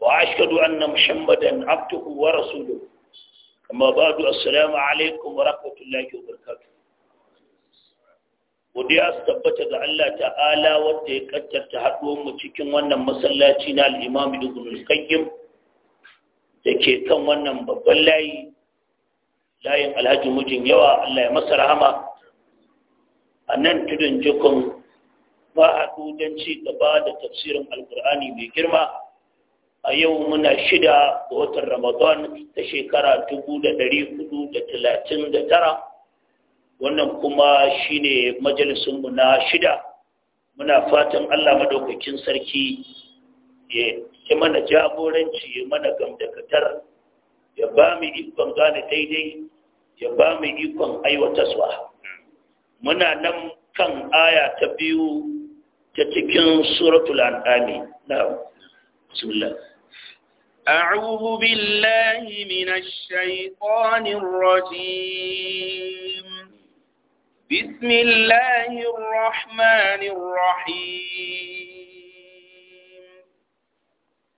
وأشهد أن محمدا عبده ورسوله أما بعد السلام عليكم ورحمة الله وبركاته godiya su tabbata ga Allah ta'ala wanda ya kaddarta haɗuwar mu cikin wannan masallaci na al-Imam Ibn da ke kan wannan babban layi layin Alhaji mijin yawa Allah ya masa rahama a nan tudun jikun ba gaba da tafsirin Alkur'ani mai girma a yau muna shida da watan ramadan ta shekara tara, wannan kuma shine majalisunmu na shida muna fatan allah madaukakin sarki ya yi mana jagoranci ya mana gamdakatar ya ba mu ikon gane daidai ya ba mu ikon aiwataswa muna nan kan aya ta biyu ta cikin suratul an'ami na bismillah أعوذ بالله من الشيطان الرجيم بسم الله الرحمن الرحيم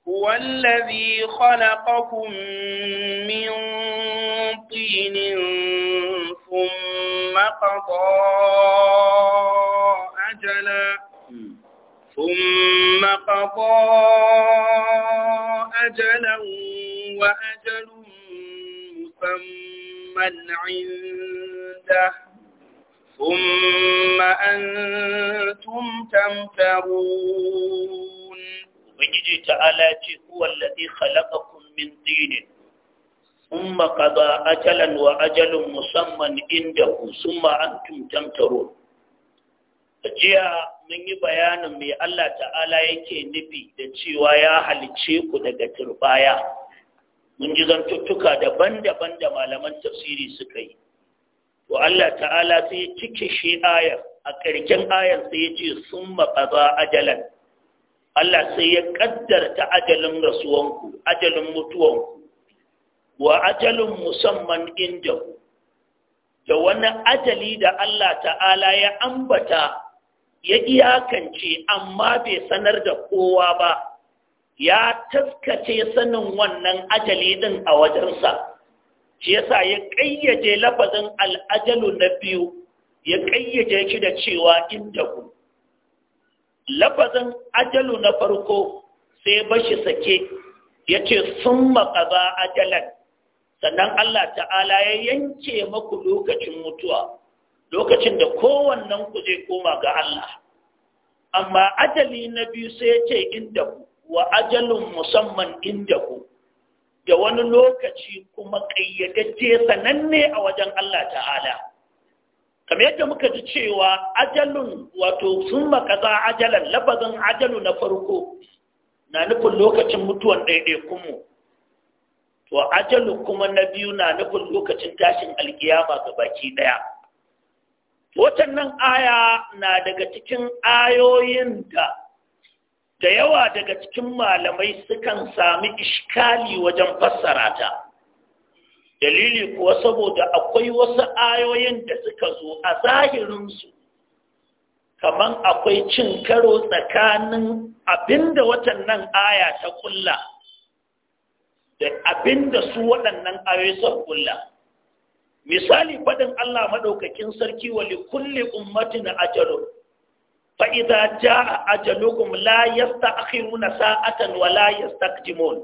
هو الذي خلقكم من طين ثم قضى أجلا ثم قضى أجلا وأجل مسمى عنده ثم أنتم تمترون وبنجي تعالى هو الذي خلقكم من دين ثم قضى أجلا وأجل مسمى عنده ثم أنتم تمترون jiya mun yi bayanin mai Allah ta'ala yake nufi da cewa ya halice ku daga turbaya mun ji zantuttuka daban-daban da malaman tafsiri suka yi to Allah ta'ala sai ya cike shi ayar a ƙarshen ayar sai ya ce sun maƙaza ajalan Allah sai ya ƙaddarta ajalin rasuwanku ajalin mutuwanku wa ajalin musamman inda da wani ajali da Allah ta'ala ya ambata ya iyakance amma bai sanar da kowa ba ya taskace sanin wannan ajali din a wajensa shi yasa ya ƙayyade lafazin al'ajalu na biyu ya ƙayyaje shi da cewa inda ku lafazin ajalu na farko sai bashi sake ya ce sun maƙaba ajalan sannan Allah ta'ala ya yanke maku lokacin mutuwa lokacin da kowannen ku zai koma ga Allah amma ajali na biyu sai ce inda ku wa ajalin musamman inda ku da wani lokaci kuma ƙayyadajje sananne a wajen Allah ta'ala kamar yadda muka ji cewa ajalun wato sun makaza ajalan lafazin ajalu na farko na nufin lokacin mutuwan ɗaiɗaikunmu to ajalu kuma na biyu na nufin lokacin tashin alkiyama ga baki ɗaya nan aya na daga cikin ayoyin da da yawa daga cikin malamai sukan sami iskali wajen fassara ta dalili kuwa saboda akwai wasu ayoyin da suka zo a zahirinsu kaman akwai cin karo tsakanin abinda watannan aya ta kulla da abinda su waɗannan ayoyi suka kulla misali faɗin Allah maɗaukakin sarki wa li kulli ummatin ajalun fa idza jaa ajalukum la yasta'khiruna sa'atan wa la yastaqdimun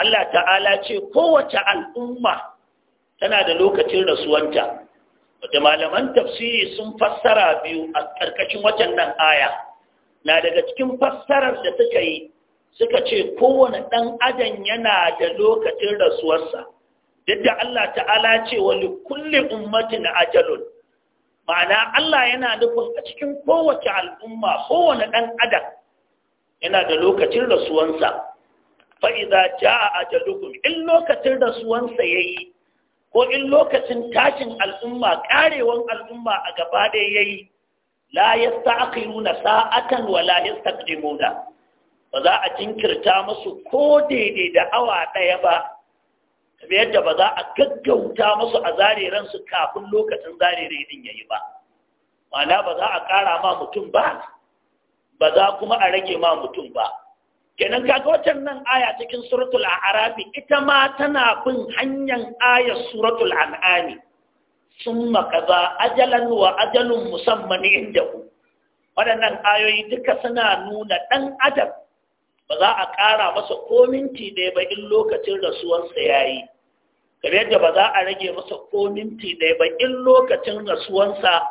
Allah ta'ala ce kowace al'umma tana da lokacin rasuwanta da malaman tafsiri sun fassara biyu a ƙarƙashin nan aya na daga cikin fassarar da suka yi suka ce kowane ɗan adam yana da lokacin rasuwarsa yadda Allah ta'ala ce wa kulli ummatin ajalun ma'ana Allah yana nufin a cikin kowace al'umma kowane ɗan adam yana da lokacin rasuwansa fa'iza ja a ajalukum in lokacin rasuwansa yayi ko in lokacin tashin al'umma ƙarewan al'umma a gaba da yayi yi la yasta'khiruna nuna sa'atan wa la yastaqdimuna ba za a jinkirta musu ko daidai da awa ɗaya ba kamar yadda ba za a gaggauta musu a zare ransu kafin lokacin zare rainin yi ba mana ba za a ƙara ma mutum ba ba za kuma a rage ma mutum ba kenan kaga watan nan aya cikin suratul a'rafi ita ma tana bin hanyar aya suratul an'ami maka za ajalan wa ajalun musamman ku. waɗannan ayoyi duka suna nuna ɗan adam ba za a ƙara masa ko minti ɗaya ba in lokacin rasuwarsa ya yi kamar yadda ba za a rage masa kominti minti ɗaya ba in lokacin rasuwarsa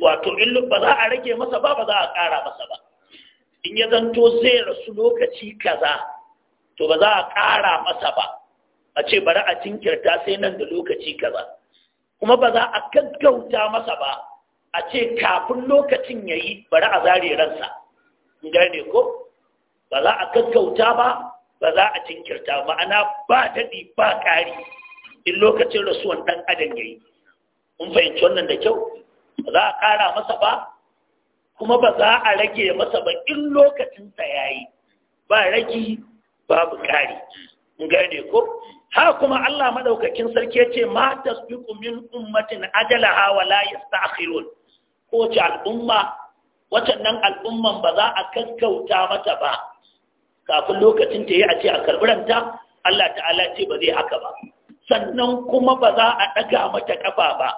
wato in ba za a rage masa ba ba za a ƙara masa ba in ya zanto zai rasu lokaci kaza to ba za a ƙara masa ba a ce bari a jinkirta sai nan da lokaci kaza kuma ba za a gaggauta masa ba a ce kafin lokacin ya yi bari a zare ransa gane ko ba za a gaggauta ba ba za a jinkirta ma'ana ba daɗi ba ƙari in lokacin rasuwan ɗan adam ya yi mun fahimci wannan da kyau ba za a ƙara masa ba kuma ba za a rage masa ba in lokacinsa ya yi ba ragi babu ƙari mun gane ko ha kuma Allah maɗaukakin sarki ya ce ma tasbiqu min ummatin ajalaha wa la yasta'khirun ko ce al'umma watannan al'umman ba za a kaskauta mata ba kafin lokacin ta yi a ce a karɓi ranta Allah ta'ala ce ba zai haka ba sannan kuma ba za a ɗaga mata ƙafa ba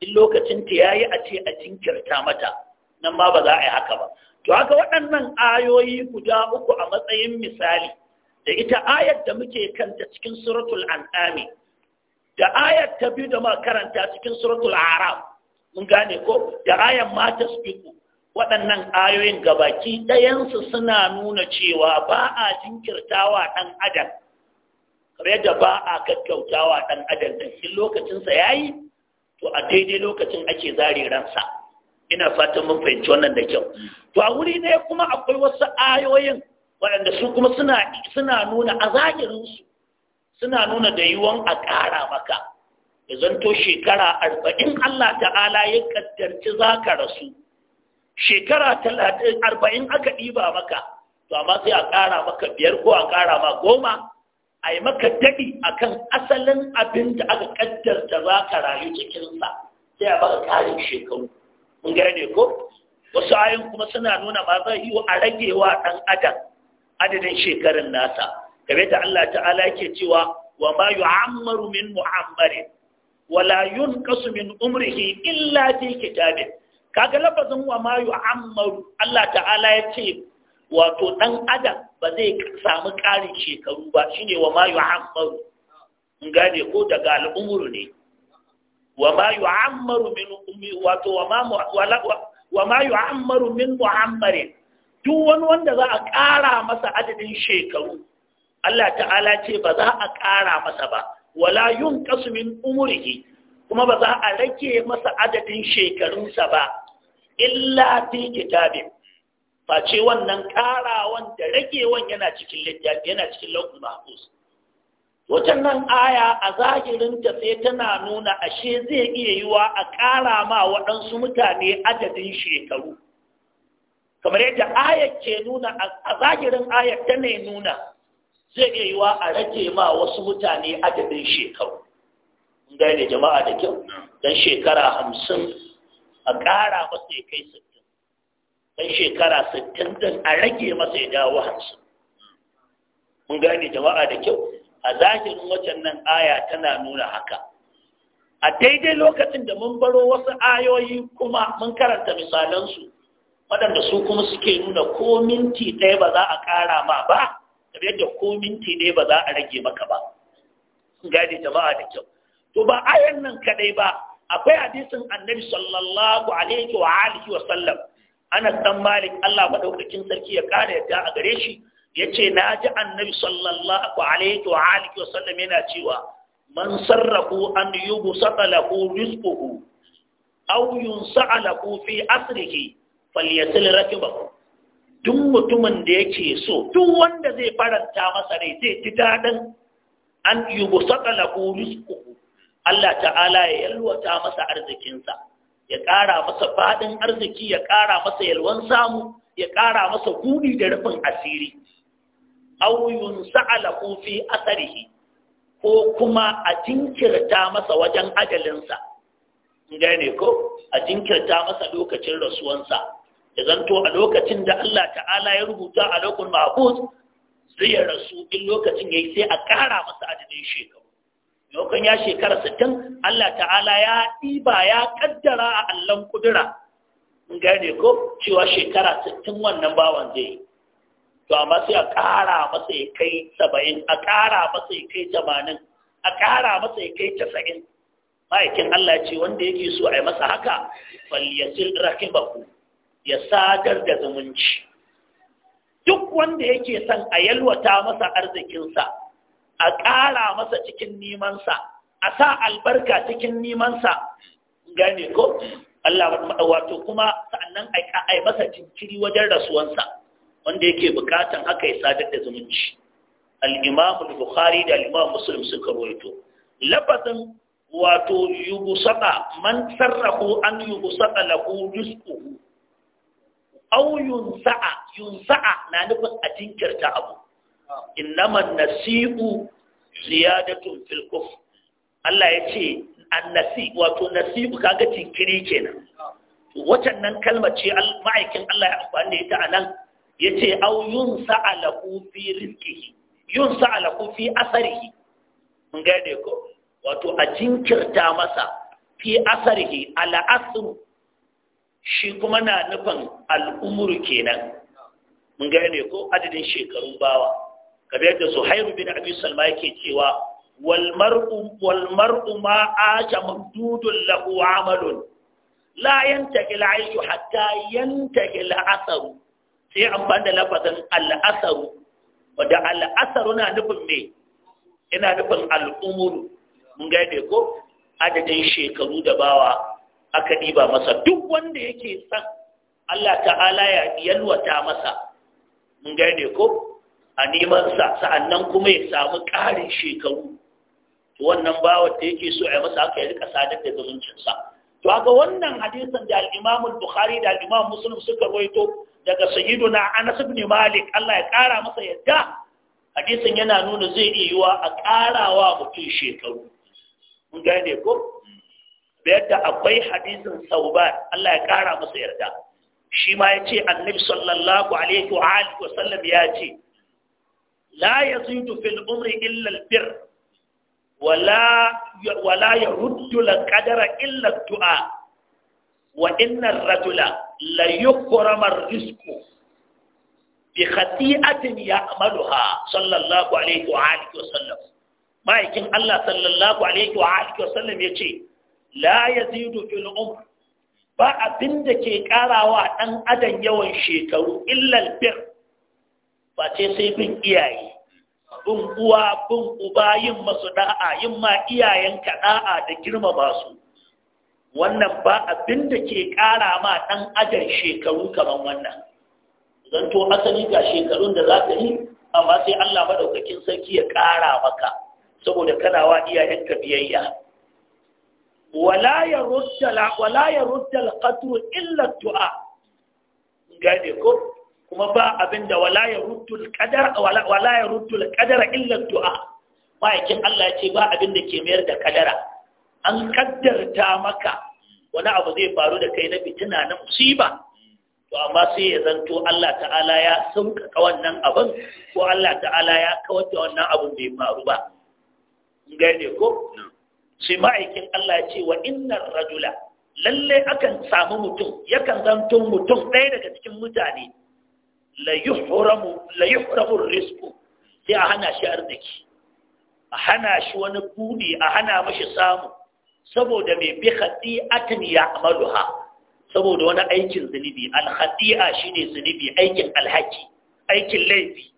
in lokacin ta ya yi a ce a jinkirta mata nan ma ba za a yi haka ba to haka waɗannan ayoyi guda uku a matsayin misali da ita ayar da muke kanta cikin suratul an'ami da ayar ta biyu da makaranta cikin suratul haram mun gane ko da ayar mata su waɗannan ayoyin gabaki ɗayansu suna nuna cewa ba a jinkirtawa ɗan adam kamar da ba a kakkautawa ɗan adam da shi lokacinsa ya yi to a daidai lokacin ake zare ransa ina fatan mun fahimci wannan da kyau to a wuri ne kuma akwai wasu ayoyin waɗanda su kuma suna suna nuna a zahirinsu suna nuna da yiwuwan a ƙara maka ya zanto shekara arba'in Allah ta'ala ya kaddarci za ka rasu shekara talatin arba'in aka ɗiba maka to amma sai a ƙara maka biyar ko a ƙara ma goma a yi maka daɗi a kan asalin abin da aka ƙaddarta za ka rayu cikinsa sai a baka ƙarin shekaru mun gane ko wasu ayin kuma suna nuna ma zai yi a ragewa ɗan adam adadin shekarun nasa game da Allah ta'ala yake cewa wa ma yu'ammaru min mu'ammarin wala yunqasu min umrihi illa fi kitabin kaga lafazin wa ma ammaru Allah ta'ala ya ce wato dan adam ba zai samu ƙarin shekaru ba shine wa ma ammaru in gane ko daga al'umuru ne wa ma ammaru min ummi wato wa ma wa ma yu'ammaru min mu'ammarin duk wani wanda za a ƙara masa adadin shekaru Allah ta'ala ce ba za a ƙara masa ba wala yunqasu min umrihi kuma ba za a rage masa adadin shekarunsa ba illa fi kitabin face wannan karawan da ragewan yana cikin littafi yana cikin lauhul mahfuz wajen nan aya a zahirinta sai tana nuna ashe zai iya yiwa a ƙara ma waɗansu mutane adadin shekaru kamar yadda ayar ke nuna a zahirin ayar ta ne nuna zai iya yiwa a rage ma wasu mutane adadin shekaru gane jama'a da kyau don shekara hamsin a ƙara masa ya kai sittin ɗan shekara sittin din a rage masa ya dawo hamsin mun gane jama'a da kyau a zahirin wajen nan aya tana nuna haka a daidai lokacin da mun baro wasu ayoyi kuma mun karanta misalansu waɗanda su kuma suke nuna ko minti ɗaya ba za a ƙara ma ba kamar yadda ko minti ɗaya ba za a rage maka ba gane jama'a da kyau to ba ayan nan kaɗai ba akwai hadisin annabi sallallahu alaihi wa alihi wa sallam Anas dan Malik Allah madaukakin sarki ya kare yadda a gare shi yace naji annabi sallallahu alaihi wa alihi wa sallam yana cewa man sarrafu an yubsata lahu rizquhu aw yunsa'a lahu fi asrihi falyasil rakibahu duk mutumin da yake so duk wanda zai faranta masa rai zai ji dadin? an yubsata lahu rizquhu Allah ta'ala ya yalwata masa arzikinsa ya ƙara masa faɗin arziki ya ƙara masa yalwan samu ya ƙara masa buɗi da rufin asiri aw yunsa'ala fi asarihi ko kuma a jinkirta masa wajen ajalinsa gane ko a jinkirta masa lokacin rasuwansa ya zanto a lokacin da Allah ta'ala ya rubuta a lokacin mahfuz ya rasu in lokacin yayi sai a ƙara masa adadin shekaru lokacin ya shekara sittin Allah ta'ala ya ɗiba ya ƙaddara a allon kudura in gane ko cewa shekara sittin wannan bawan zai to amma sai a ƙara masa ya kai saba'in a ƙara masa ya kai tamanin a ƙara masa ya kai tasa'in. ma'aikin Allah ce wanda yake so a yi masa haka falyasil rakibahu ya sadar da zumunci duk wanda yake son a yalwata masa arzikinsa a ƙara masa cikin nimansa a sa albarka cikin nimansa gane ko Allah wato kuma sannan a masa jinkiri wajen rasuwansa wanda yake bukatan haka ya sadar da zumunci al-imam al-bukhari da al-imam muslim suka rawaito lafazin wato yubusata man sarrahu an yubusata lahu rizquhu au yunsa'a yunsa'a na nufin a jinkirta abu innaman nasi'u ziyadatun fil kufr Allah ya ce annasi wato nasi'u kaga tinkiri kenan wacan nan kalma ce ma'aikin Allah ya amfani da ita anan yace au yunsa alahu fi rizqihi yunsa alahu fi asarihi mun ga dai ko wato a jinkirta masa fi asarihi ala asru shi kuma na nufin al'umuru kenan mun gane ko adadin shekaru bawa kamar yadda Zuhairu bin Abi Salma yake cewa wal mar'u wal mar'u ma aja mamdudun lahu amalun la yantaqil aishu hatta yantaqil asaru sai amfani da lafazin al'asaru wanda al'asaru na nufin me ina nufin al'umuru mun ga dai ko adadin shekaru da bawa aka diba masa duk wanda yake san Allah ta'ala ya yalwata masa mun ga dai ko a nemansa sa'annan kuma ya samu ƙarin shekaru to wannan bawa da yake so a masa aka yi rika sadar da zumuncinsa to haka wannan hadisan da al bukhari da al musulun suka roito daga na Anas ibn Malik Allah ya ƙara masa yadda hadisan yana nuna zai iya yiwa a ƙarawa mutum shekaru mun gane ko yadda akwai hadisin Sauban Allah ya ƙara masa yarda shi ma ya ce annabi sallallahu alaihi wa sallam ya ce la yazidu fil umri illa bir wala ya yaruddu al qadara illa al du'a wa inna ar rajula la yukrama ar bi khati'atin ya'maluha sallallahu alaihi wa alihi wa sallam ma'aikin Allah sallallahu alaihi wa alihi wa sallam ce, la yazidu fil umr ba abin da ke karawa dan adam yawan shekaru illal bir face sai bin iyaye bin uwa bin uba yin masu da'a yin ma iyayenka da'a da girmama su wannan ba abin da ke ƙara ma ɗan ajar shekaru kamar wannan zan to asali ga shekarun da za ka yi amma sai Allah maɗaukakin sarki ya ƙara maka saboda kana wa iyayenka biyayya wala ya rudda wala ya rudda illa tu'a gane ko kuma ba abin da wala ya rutu kadara illa du'a ma'aikin Allah ce ba abin da ke mayar da kadara an kaddarta maka wani abu zai faru da kai na fitina na musiba to amma sai ya zanto Allah ta'ala ya sauƙaƙa wannan abin ko Allah ta'ala ya kawar wannan abin bai faru ba gane ko sai ma'aikin Allah ce wa innar rajula lalle akan samu mutum yakan zanto mutum ɗaya daga cikin mutane la yuhramu la sai a hana shi arziki a hana shi wani buɗe a hana mashi samu saboda mai bi khati'atin ya ha. saboda wani aikin zunubi al shi shine zunubi aikin alhaki aikin laifi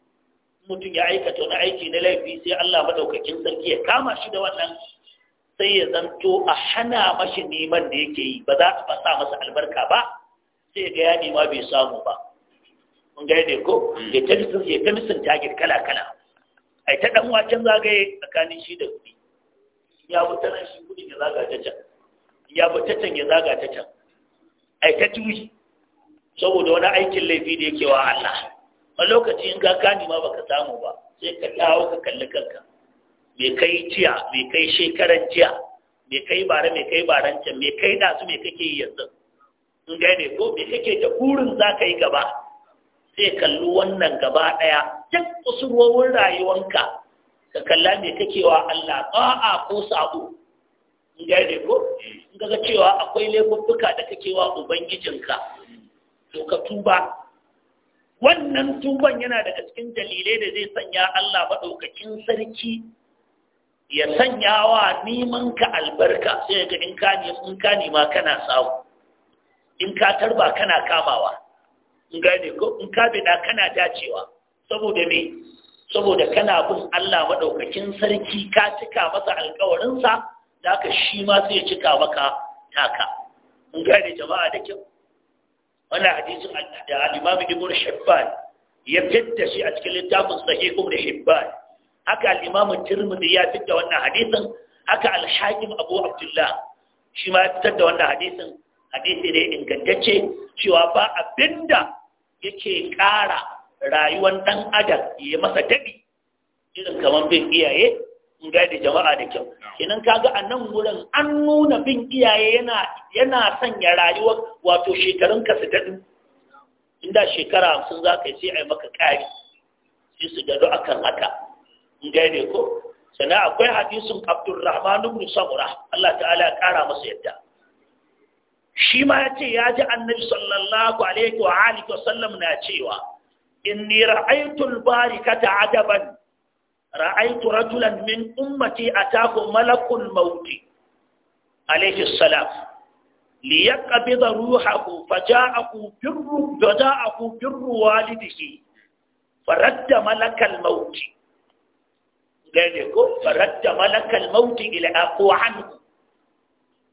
mutum ya aikata wani aiki na laifi sai Allah maɗaukacin sarki ya kama shi da wannan sai ya zanto a hana mashi neman da yake yi ba za a fasa masa albarka ba sai ga ya nema bai samu ba mun ne, ko mm. ya ta misin ya ta misin tagir kala kala ai ta dan wacin zagaye tsakanin shi da kuɗi ya wuta nan shi kuɗi ya zaga ta can ya wuta can ya zaga ta can ai ta tushi saboda wani aikin laifi da yake wa Allah a lokacin in ka kani ma baka samu ba sai ka dawo ka kalli kanka me kai jiya me kai shekaran jiya me kai bare me kai barancan me kai da su me kake yi yanzu in gane ko me kake da burin za ka yi gaba zai kalli wannan gaba ɗaya duk kusurwowin rayuwanka ka kalla me kake wa Allah ta'a ko sa'o in ga yi ko in ga cewa akwai laifuffuka da kake wa ubangijinka to ka tuba wannan tuban yana daga cikin dalilai da zai sanya Allah maɗaukakin sarki ya sanya wa neman ka albarka sai ga in ka in ka nema kana samu in ka tarba kana kamawa in gane ko in ka da kana dacewa saboda me saboda kana bin Allah madaukakin sarki ka cika masa alƙawarin da haka shi ma sai ya cika maka taka in gane jama'a da kyau wannan hadisin da al-Imam Ibn Shibban ya fitta shi a cikin littafin Sahih Ibn Hibban haka al-Imam Tirmidhi ya fitta wannan hadisin haka al-Hakim Abu Abdullah shi ma ya fitar da wannan hadisin hadisi ne ingantacce cewa ba abinda yake ƙara rayuwar ɗan adam ya masa daɗi irin kamar bin iyaye in gaida jama'a da kyau kenan kaga a nan wurin an nuna bin iyaye yana sanya rayuwar wato shekarun ka su daɗu inda shekara hamsin za ka yi sai a yi maka ƙari sai su daɗu kan haka in gaida ko sannan akwai hadisin abdulrahman ibn Allah ta'ala ya ƙara masa yadda shi ma ya ce ya ji annabi sallallahu alaihi wa alihi wasallam na cewa inni ra'aytul barikata adaban ra'aytu rajulan min ummati ataku malakul mauti alaihi salam ليقبض روحه فجاءه بر فجاءه بر والده فرد ملك الموت ذلك فرد ملك الموت إلى أقوى عنه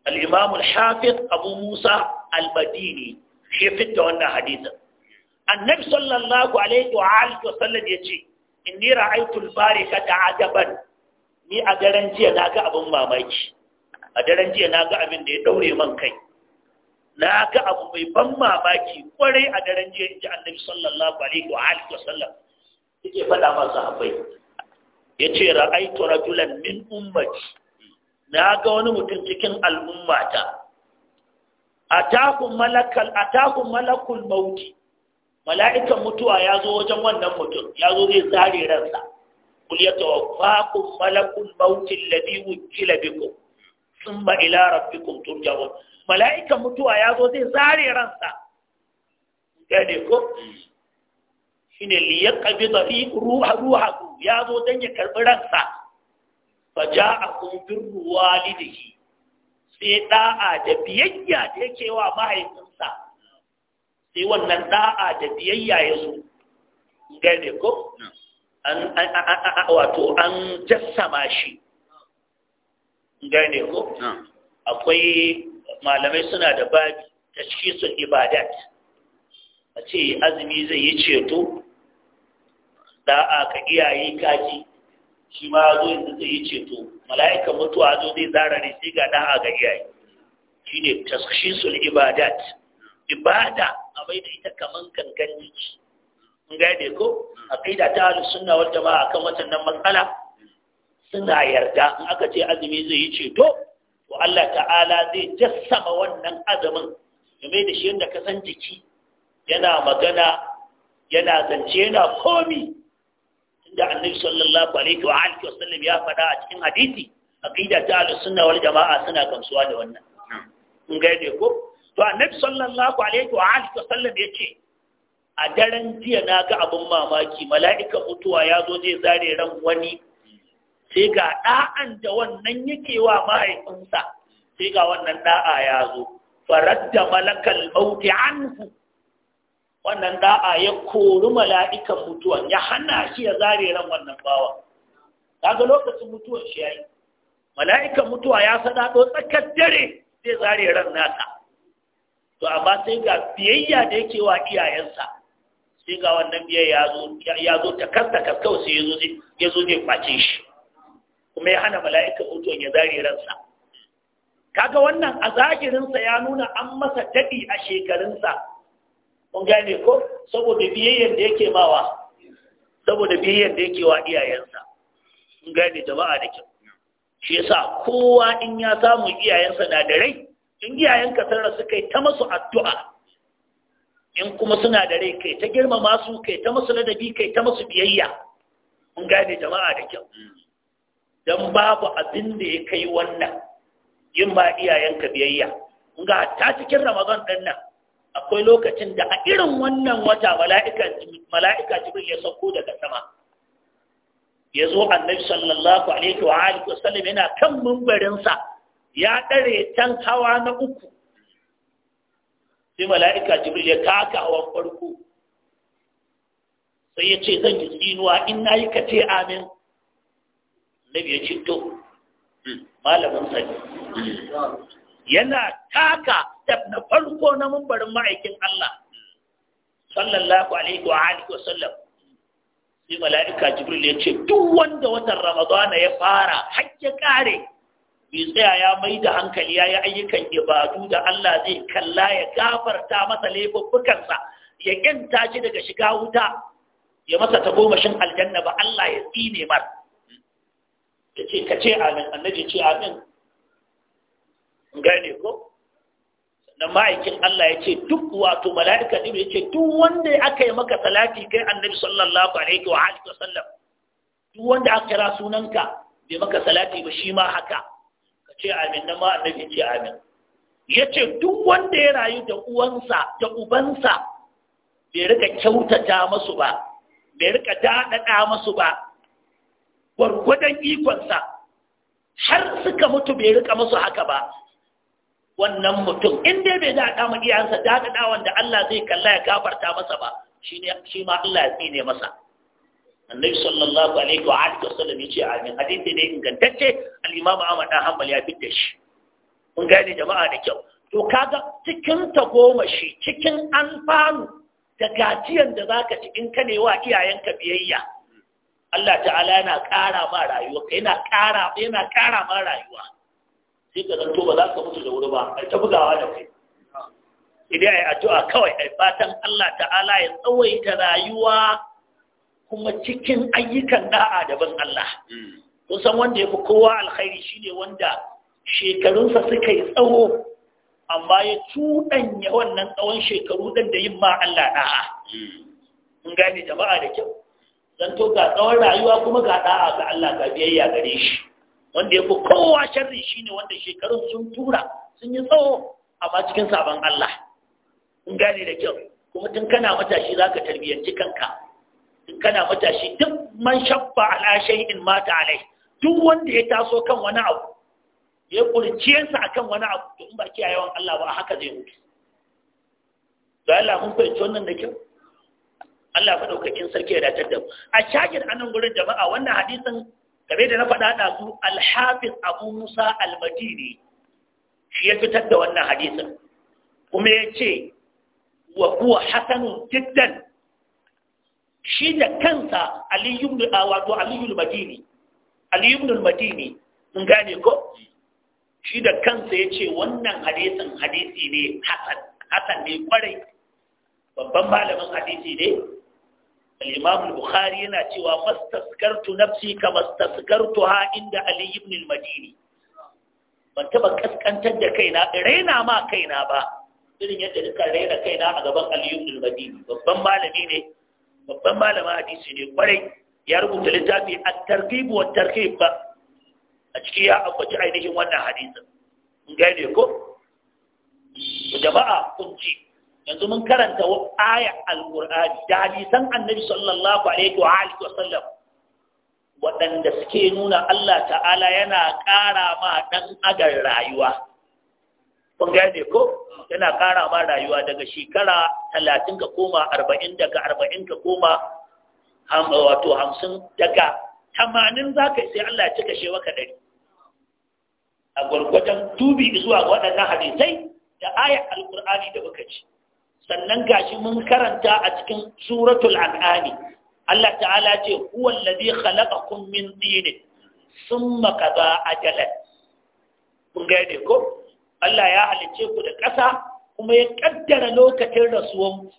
al-imam al-hafiz abu musa al-madini shi fitta wannan hadisin annabi sallallahu alaihi wa alihi wasallam yace inni ra'aytu al-barikata ajaban ni a daren jiya na ga abin mamaki a daren jiya naga abin da ya daure man kai na ga abu mai ban mamaki kwarai a daren jiya In ji annabi sallallahu alaihi wa alihi wasallam yake faɗa masa habai yace ra'aytu rajulan min ummati na ga wani mutum cikin al'ummata atakun malakal atakun malakul mauti mala'ikan mutuwa ya zo wajen wannan mutum ya zo zai zare ransa kul ya tawaffakum malakul mauti alladhi wukila bikum thumma ila rabbikum turja'un mala'ikan mutuwa ya zo zai zare ransa gane ko shine liyaqbida fi ruha ruha ya zo dan ya karbi ransa a ja'akum birru walidihi sai da'a da biyayya da yake wa mahaifinsa sai wannan da'a da biyayya ya zo gane ko wato an jassama shi gane ko akwai malamai suna da babi sun ibadat a ce azumi zai yi ceto da'a ka iyaye kaji shi ma zo yanzu zai yi ceto mala'ikan mutuwa zo zai zara ne sai ga da'a ga iyaye shi ne tashissul ibadat ibada a bai da ita kaman kankan jiki in gane ko a kai ta halin suna wata ma a kan watannan matsala suna yarda in aka ce azumi zai yi ceto to Allah ta'ala zai jassama wannan azumin ya mai da shi yadda ka san jiki yana magana yana zance yana komi da annabi sallallahu alaihi wa alihi wasallam ya faɗa a cikin hadisi aqida ta al-sunna wal jama'a suna gamsuwa da wannan kun ga ko to annabi sallallahu alaihi wa alihi wasallam yace a daren jiya na ga abin mamaki mala'ika mutuwa ya zo zai zare ran wani sai ga da'an da wannan yake wa mahaifinsa sai ga wannan da'a ya zo Faradda malakal mauti anhu wannan da'a ya kori mala'ikan mutuwan ya hana shi ya zare ran wannan bawa kaga lokacin mutuwan shi yayi mala'ikan mutuwa ya sadado tsakar dare zai zare ran nasa to amma sai ga biyayya da yake wa iyayensa sai ga wannan biyayya ya zo ta kasta kaskau sai ya zo zai kwace shi kuma ya hana mala'ikan mutuwan ya zare ransa kaga wannan a zagirinsa ya nuna an masa daɗi a shekarunsa mun gane ko saboda biyayyar da yake mawa saboda biyayyar da yake wa iyayensa mun gane jama'a da kyau shi yasa kowa in ya samu iyayensa na da rai in iyayenka sun rasu kai ta masu addu'a in kuma suna da rai kai ta girmama su kai ta masu ladabi kai ta masu biyayya mun gane jama'a da kyau don babu abin da ya kai wannan yin ba iyayenka biyayya ga ta cikin ramadan ɗin nan akwai lokacin da a irin wannan wata mala'ika jibin ya sauko daga sama ya zo annabi sallallahu alaihi wa alihi wasallam yana kan mumbarinsa ya ɗare can hawa na uku sai mala'ika jibin ya taka hawan farko sai ya ce zan yi tsinuwa in na yi kace amin nabi ya ce to hmm, malamin sani yana taka step na farko na mumbarin ma'aikin Allah sallallahu alaihi wa alihi wa sallam sai mala'ika jibril ya ce duk wanda watan ramadana ya fara har kare bai tsaya ya mai da hankali ya yi ayyukan ibadu da Allah zai kalla ya gafarta masa laifuffukansa ya yanta shi daga shiga wuta ya masa tagomashin aljanna ba Allah ya tsine mar Ka ce ka ce amin annaji ce amin gane ko Da ma'aikin Allah ya ce duk wato mala'ika ne ya ce duk wanda aka yi maka salati kai annabi sallallahu alaihi wa alihi wasallam duk wanda aka kira sunanka bai maka salati ba shi ma haka ka ce amin dan ma annabi ce amin ya ce duk wanda ya rayu da uwansa da ubansa bai rika kyautata masu ba bai rika daɗaɗa masu ba gwargwadon ikonsa har suka mutu bai rika masu haka ba wannan mutum in dai bai da dama iyayensa da da wanda Allah zai kalla ya gafarta masa ba shine shi ma Allah ya tsine masa annabi sallallahu alaihi wa alihi wasallam yace amin hadisi ne ingantacce al-imam Ahmad dan Hanbal ya fitta shi kun gane jama'a da kyau to kaga cikin shi, cikin alfanu da gajiyan da zaka ci in ka ne wa iyayenka biyayya Allah ta'ala yana ƙara ma rayuwa yana ƙara yana ƙara ma rayuwa sai ka zanto ba za ka mutu da wuri ba ai ta bugawa da kai idan yi addu'a kawai ai fatan Allah ta'ala ya tsawaita rayuwa kuma cikin ayyukan da'a daban Allah kusan san wanda ya fi kowa alkhairi shine wanda shekarunsa suka yi tsawo amma ya cuɗanya wannan tsawon shekaru ɗin da yin ma Allah da'a in gane jama'a da kyau zanto ga tsawon rayuwa kuma ga da'a ga Allah ga biyayya gare shi wanda ya fi kowa sharri ne wanda shekarun sun tura sun yi tsawo amma cikin sabon Allah in gane da kyau kuma tun kana matashi za ka tarbiyyanci kanka tun kana matashi duk man shabba ala in mata alai duk wanda ya taso kan wani abu ya kurciyansa akan wani abu to in ba kiyayewan Allah ba haka zai mutu da Allah mun fahimci wannan da kyau Allah madaukakin sarki ya datar da mu a shagir anan gurin jama'a wannan hadisin game da na faɗa da su alhafiz abu musa almadini shi ya fitar da wannan hadisin kuma ya ce wa huwa hasanun jiddan shi da kansa aliyu Awadu aliyu madini aliyu madini mun gane ko shi da kansa ya ce wannan hadisin hadisi ne hasan hasan ne kwarai babban malamin hadisi ne al bukhari yana cewa mastaskartu nafsi kama ha inda da ibn al-madini ban taba kaskantar da kaina raina ma kaina ba irin yadda duka raina kaina a gaban ali ibn madini babban malami ne babban malama hadisi ne kwarai ya rubuta littafi at-targhib wa targhib ba a ciki ya ambaci ainihin wannan hadisin in gane ko jama'a kun ji yanzu mun karanta aya al-Qur'ani da hadisan annabi sallallahu alaihi wa alihi wa sallam waɗanda suke nuna Allah ta'ala yana ƙara ma ɗan agar rayuwa kun gane ko yana ƙara ma rayuwa daga shekara talatin ka koma arba'in daga arba'in ka koma wato hamsin daga tamanin za ka sai Allah ya cika shewa ka ɗari a gwargwajon dubi zuwa waɗannan hadisai da ayat qurani da muka ci sannan gashi mun karanta a cikin suratul an'ami Allah ta'ala ce huwa allazi khalaqakum min tin summa qada ajalan kun ga ne ko Allah ya halice ku da ƙasa kuma ya kaddara lokacin rasuwan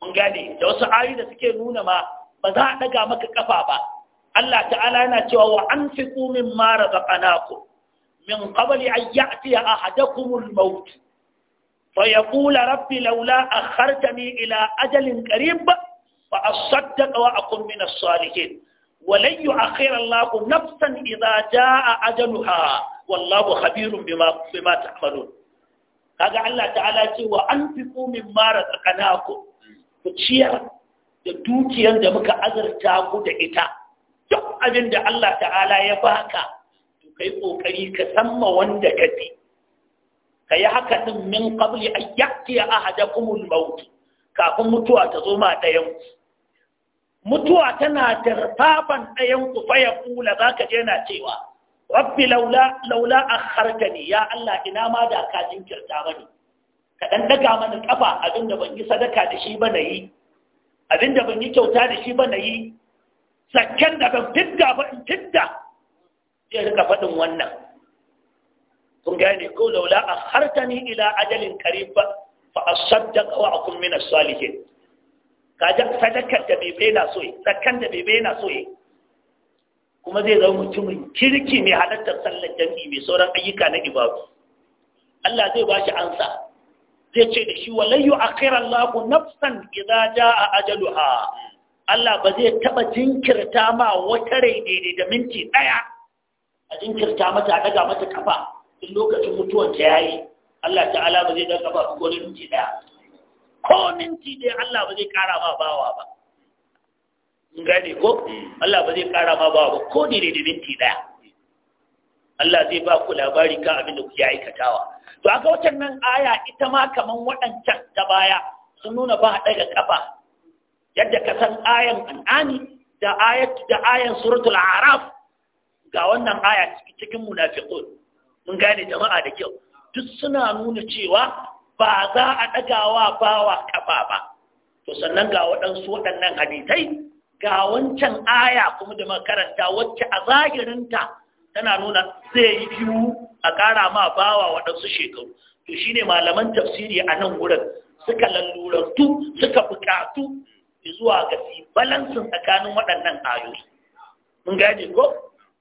kun gane da wasu ayoyi da suke nuna ma ba za a daga maka kafa ba Allah ta'ala yana cewa wa anfiqu mimma razaqnakum min qabli an ya'tiya ahadakum al-maut fa yaqula rabbi laula akhartani ila ajalin qarib a asaddaqa wa akun min as-salihin wa lan yu'akhkhira Allahu nafsan idza jaa ajaluha wallahu khabirun bima bima ta'malun kaga Allah ta'ala ce wa anfiqu mara razaqnakum ku ciyar da dukiyar da muka azurta ku da ita duk abin da Allah ta'ala ya baka to ƙoƙari kokari ka samma wanda ka fi ka yi haka ɗin min qabli a hada ahadakumul maut kafin mutuwa ta zo ma ɗayan mutuwa tana tarfafan ɗayan ku fa za ka je na cewa rabbi laula laula ne. ya Allah ina ma da ka jinkirta mani ka dan daga mana kafa abinda ban yi sadaka da shi ba na yi abinda ban yi kyauta da shi ba na yi sakken da ban fidda ba in fidda ya rika faɗin wannan kun gane ko laula akhartani ila ajalin qarib fa asaddaq wa akun min as-salihin kajan sadakar da bebe na so sakan da bebe na so kuma zai zama mutumin kirki mai halartar sallar jami'i mai sauran ayyuka na ibadu Allah zai bashi ansa zai ce da shi walayyu akhirallahu nafsan idza jaa ajaluha Allah ba zai taba jinkirta ma wata rai daidai da minti daya a jinkirta mata daga mata kafa in lokacin mutuwan ta yayi Allah ta'ala ba zai ɗaga ba ko minti ɗaya ko minti ɗaya Allah ba zai ƙara ma bawa ba in gane ko Allah ba zai ƙara ma bawa ba ko ne da minti ɗaya Allah zai ba ku labari kan abin da kuke aikatawa to aka wacan nan aya ita ma kaman waɗancan ta baya sun nuna ba da ɗaga ƙafa yadda ka san ayan an'ani da ayat da ayan suratul araf ga wannan aya cikin munafiqun mun gane jama'a da kyau duk suna nuna cewa ba za a ɗagawa bawa kafa ba to sannan ga waɗansu waɗannan hadisai ga wancan aya kuma da makaranta wacce a zahirinta tana nuna zai yi biyu a ƙara ma bawa waɗansu shekaru to shine malaman tafsiri a nan wurin suka lallurantu suka buƙatu zuwa ga balansin tsakanin waɗannan ayoyi mun gane ko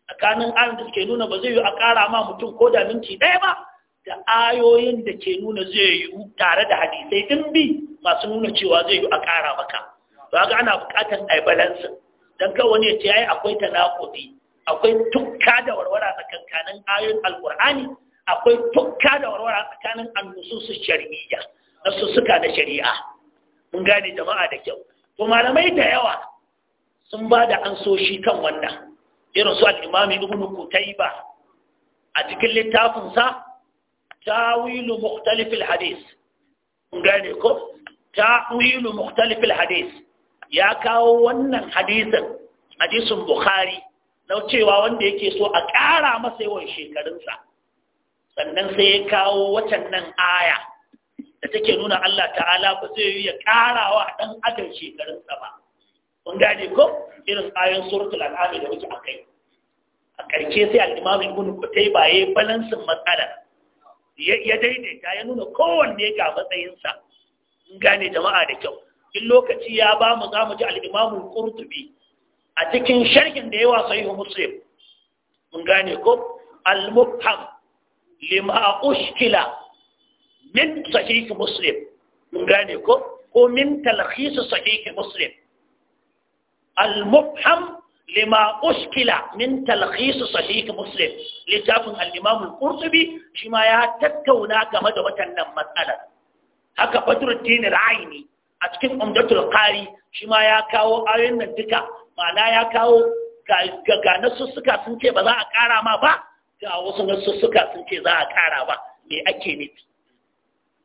tsakanin ayoyin da suke nuna ba zai yi a ƙara ma mutum ko da minti ɗaya ba da ayoyin da ke nuna zai yi tare da hadisai ɗin bi masu nuna cewa zai yi a ƙara maka Ba ga ana buƙatar ai balansin Don kawai wani ya ce yi akwai tanakudi akwai tukka da warwara tsakankanin ayoyin alƙur'ani akwai tukka da warwara tsakanin na su suka da shari'a mun gane jama'a da kyau to malamai da yawa sun ba da ansoshi kan wannan irin su al'imami ibn kutaiba a cikin littafinsa tawilu mukhtalifil hadis gane ko tawilu mukhtalifil hadis ya kawo wannan hadisin hadisin bukhari na cewa wanda yake so a ƙara masa yawan shekarunsa sannan sai ya kawo watan nan aya da take nuna Allah ta'ala ba zai yi ya ƙarawa ɗan adam shekarunsa ba mun ko irin ayon suratul al'adu da muke akai a ƙarshe sai al'imam ibn ba ya yi balansin matsala ya daidaita ya nuna kowanne ga matsayinsa gane jama'a da kyau in lokaci ya ba mu za mu ji al'imamin al a cikin sharhin da yawa sahihu muslim mun gane ko al muqtam lima ushkila min sahih muslim mun gane ko ko min talkhis sahih muslim al-mubham lima uskila min talkhis sahih muslim littafin al-imam al-qurtubi ya tattauna game da watannan matsalar haka badruddin al-aini a cikin umdatul qari shi ma ya kawo ayoyin nan duka ma'ana ya kawo ga ga nasussuka sun ce ba za kara ma ba ga wasu nasussuka sun ce za kara ba me ake nufi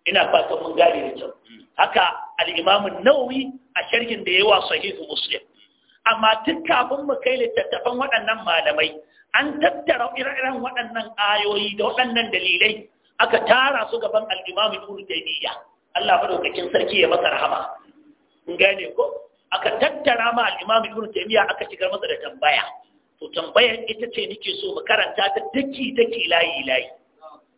ina fatan mun gane da kyau haka al-imam a sharhin da yayi wa sahih muslim amma tun kafin mu kai littattafan waɗannan malamai an tattara ire-iren waɗannan ayoyi da waɗannan dalilai aka tara su gaban al Ibn Taymiyyah Allah madaukakin sarki ya masa rahama kun gane ko aka tattara ma al Ibn aka shigar masa da tambaya to tambayar ita ce nake so mu karanta ta daki daki layi layi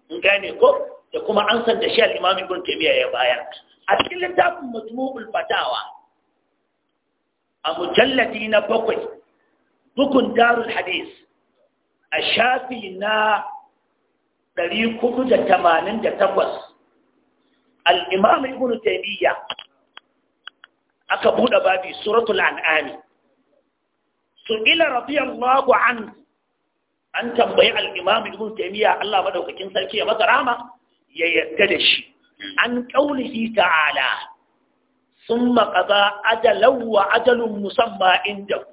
kun gane ko da kuma an san da shi al Ibn ya bayar a cikin littafin Majmu'ul Fatawa a mujallati na bakwai bukun darul hadis a shafi na 488 al'imam ibn taimiyya aka buɗe babi suratul an'ami su ila radiyallahu an an tambayi al'imam ibn taimiyya Allah madaukakin sarki ya masa rama ya yarda da shi an ƙaunihi ta'ala sun maƙaza ajalawa ajalun musamma inda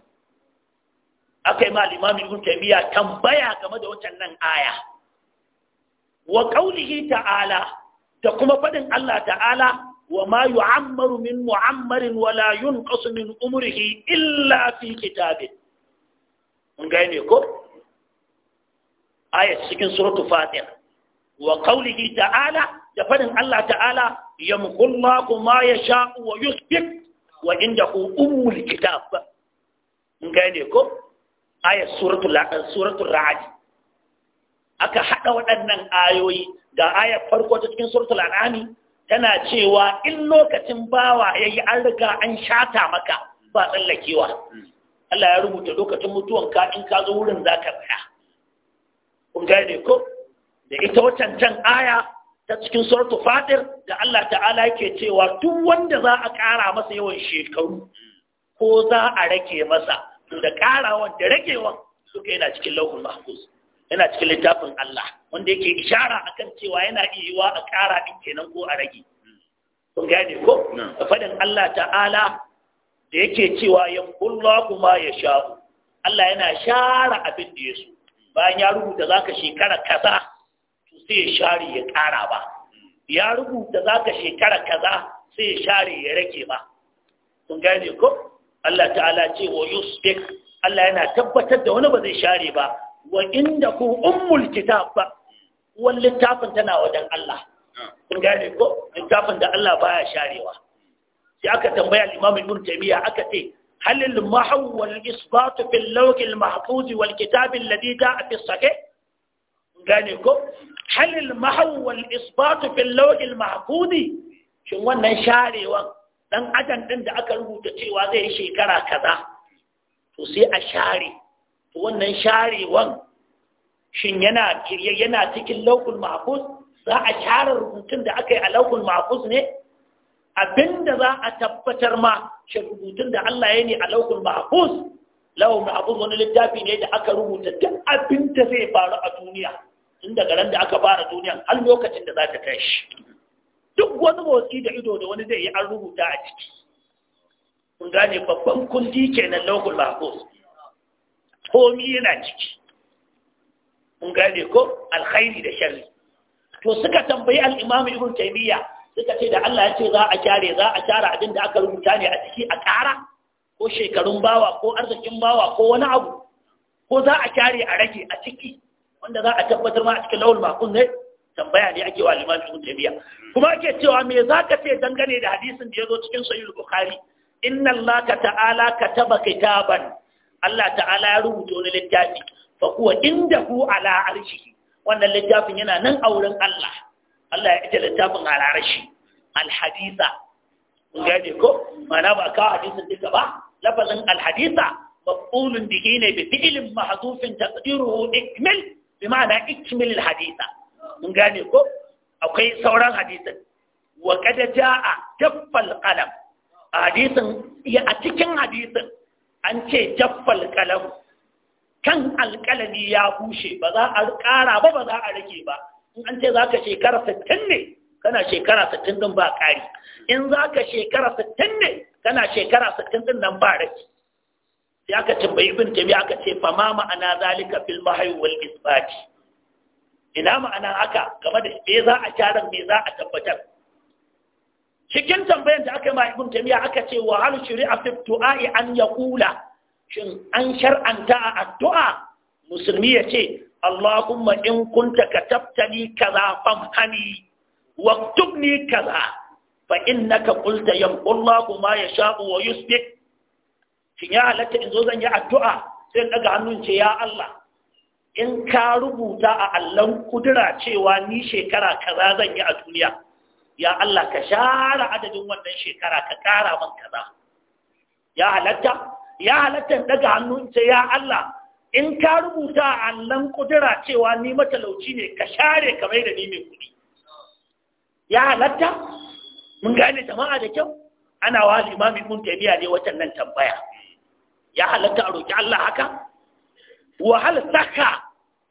aka yi malimamin ibn taimiyya tambaya game da wancan nan aya wa ƙaunihi ta'ala da kuma faɗin Allah ta'ala wa ma yu'ammaru min mu'ammarin wala ƙasu min umrihi illa fi kitabin mun gane ko aya cikin surutu fatir wa ƙaunihi ta'ala da fadin Allah ta'ala ya mukulla kuma ya sha'u wa yusbik wa inda ku umul kitab in gane ko aya suratul suratul ra'd aka hada waɗannan ayoyi ga ayar farko ta cikin suratul an'am tana cewa in lokacin bawa yayi an riga an shata maka ba tsallakewa Allah ya rubuta lokacin mutuwanka in ka zo wurin zaka tsaya kun gane ko da ita wancan can aya ta cikin suratul fatir da Allah ta'ala yake cewa duk wanda za a ƙara masa yawan shekaru ko za a rage masa da ƙarawan da ragewan suka yana cikin lauhul mahfuz yana cikin littafin Allah wanda yake ishara akan cewa yana iya yiwa a ƙara din kenan ko a rage kun gane ko da fadin Allah ta'ala da yake cewa yanqullahu ma yasha Allah yana shara abin da yaso bayan ya rubuta zaka shekara kaza sai share ya ƙara ba ya rubuta za ka shekara kaza sai share ya rage ba kun gane ko Allah ta'ala ce wa yusbik Allah yana tabbatar da wani ba zai share ba wa inda ku ummul kitab ba wani littafin tana wajen Allah kun gane ko littafin da Allah baya sharewa sai aka tambaya al-Imam Ibn Taymiyyah aka ce hal al-mahw wal isbat fil lawh al-mahfuz wal kitab alladhi da'a fi sahih gane ko halil mahaw isbatu fil lawhil mahfudi shin wannan sharewan dan adam din da aka rubuta cewa zai yi shekara kaza to sai a share to wannan sharewan shin yana yana cikin lawhul mahfuz za a share rubutun da aka yi a lawhul mahfuz ne abinda za a tabbatar ma shi rubutun da Allah ya ne a lawhul mahfuz lawhul mahfuz wani littafi ne da aka rubuta duk abin da zai faru a duniya Inda garin da aka fara duniya har lokacin da za ta tashi duk wani motsi da ido da wani zai yi an rubuta a ciki kun gane babban kundi kenan lokul mahfuz komi yana ciki kun gane ko alkhairi da sharri to suka tambayi al-imam ibn taymiya suka ce da Allah ya ce za a kyare za a kyara abin da aka rubuta ne a ciki a kara ko shekarun bawa ko arzikin bawa ko wani abu ko za a kyare a rage a ciki wanda za a tabbatar ma a cikin lawul makon ne tambaya ne ake wa limami ibn tabiya kuma ake cewa me zaka ce dangane da hadisin da ya zo cikin sahih bukhari inna allaha ta'ala kataba kitaban Allah ta'ala ya rubuta wani littafi fa kuwa indahu ala arshihi wannan littafin yana nan a wurin Allah Allah ya ita littafin ala arshi al kun gane ko mana ba kawo hadisin duka ba lafazin al haditha maf'ulun bihi ne bi fi'lin bi ma'ana ikmilil hadisa mun gane ko akwai sauran hadisin wa kada ja'a jaffal qalam hadisin ya a cikin hadisin an ce jaffal qalam kan alkalami ya bushe ba za a ƙara ba ba za a rage ba in an ce za ka shekara 60 ne kana shekara 60 din ba ƙari in za ka shekara 60 ne kana shekara 60 din nan ba rage sai aka tambayi ibn tabi aka ce fa ma ma'ana zalika fil mahyi wal isbat ina ma'ana haka game da me za a tarar me za a tabbatar cikin tambayar da aka yi ma ibn tabi aka ce wa hal shari'a fi du'a'i an yaqula shin an shar'anta a addu'a musulmi ya ce Allahumma in kunta katabtani kaza famhani waktubni kaza fa innaka qulta yamqullahu ma yasha'u wa yusbih shin ya halatta in zo zan yi addu'a sai in daga hannun ce ya Allah in ka rubuta a allon kudura cewa ni shekara kaza zan yi a duniya ya Allah ka share adadin wannan shekara ka kara man kaza ya halatta ya halatta in daga hannun ce ya Allah in ka rubuta a allon kudura cewa ni matalauci ne ka share ka mai da ni mai kudi ya halatta mun gane jama'a da kyau ana wa limamin mun tabiya ne watan nan tambaya ya halatta a roƙi Allah haka wahal saka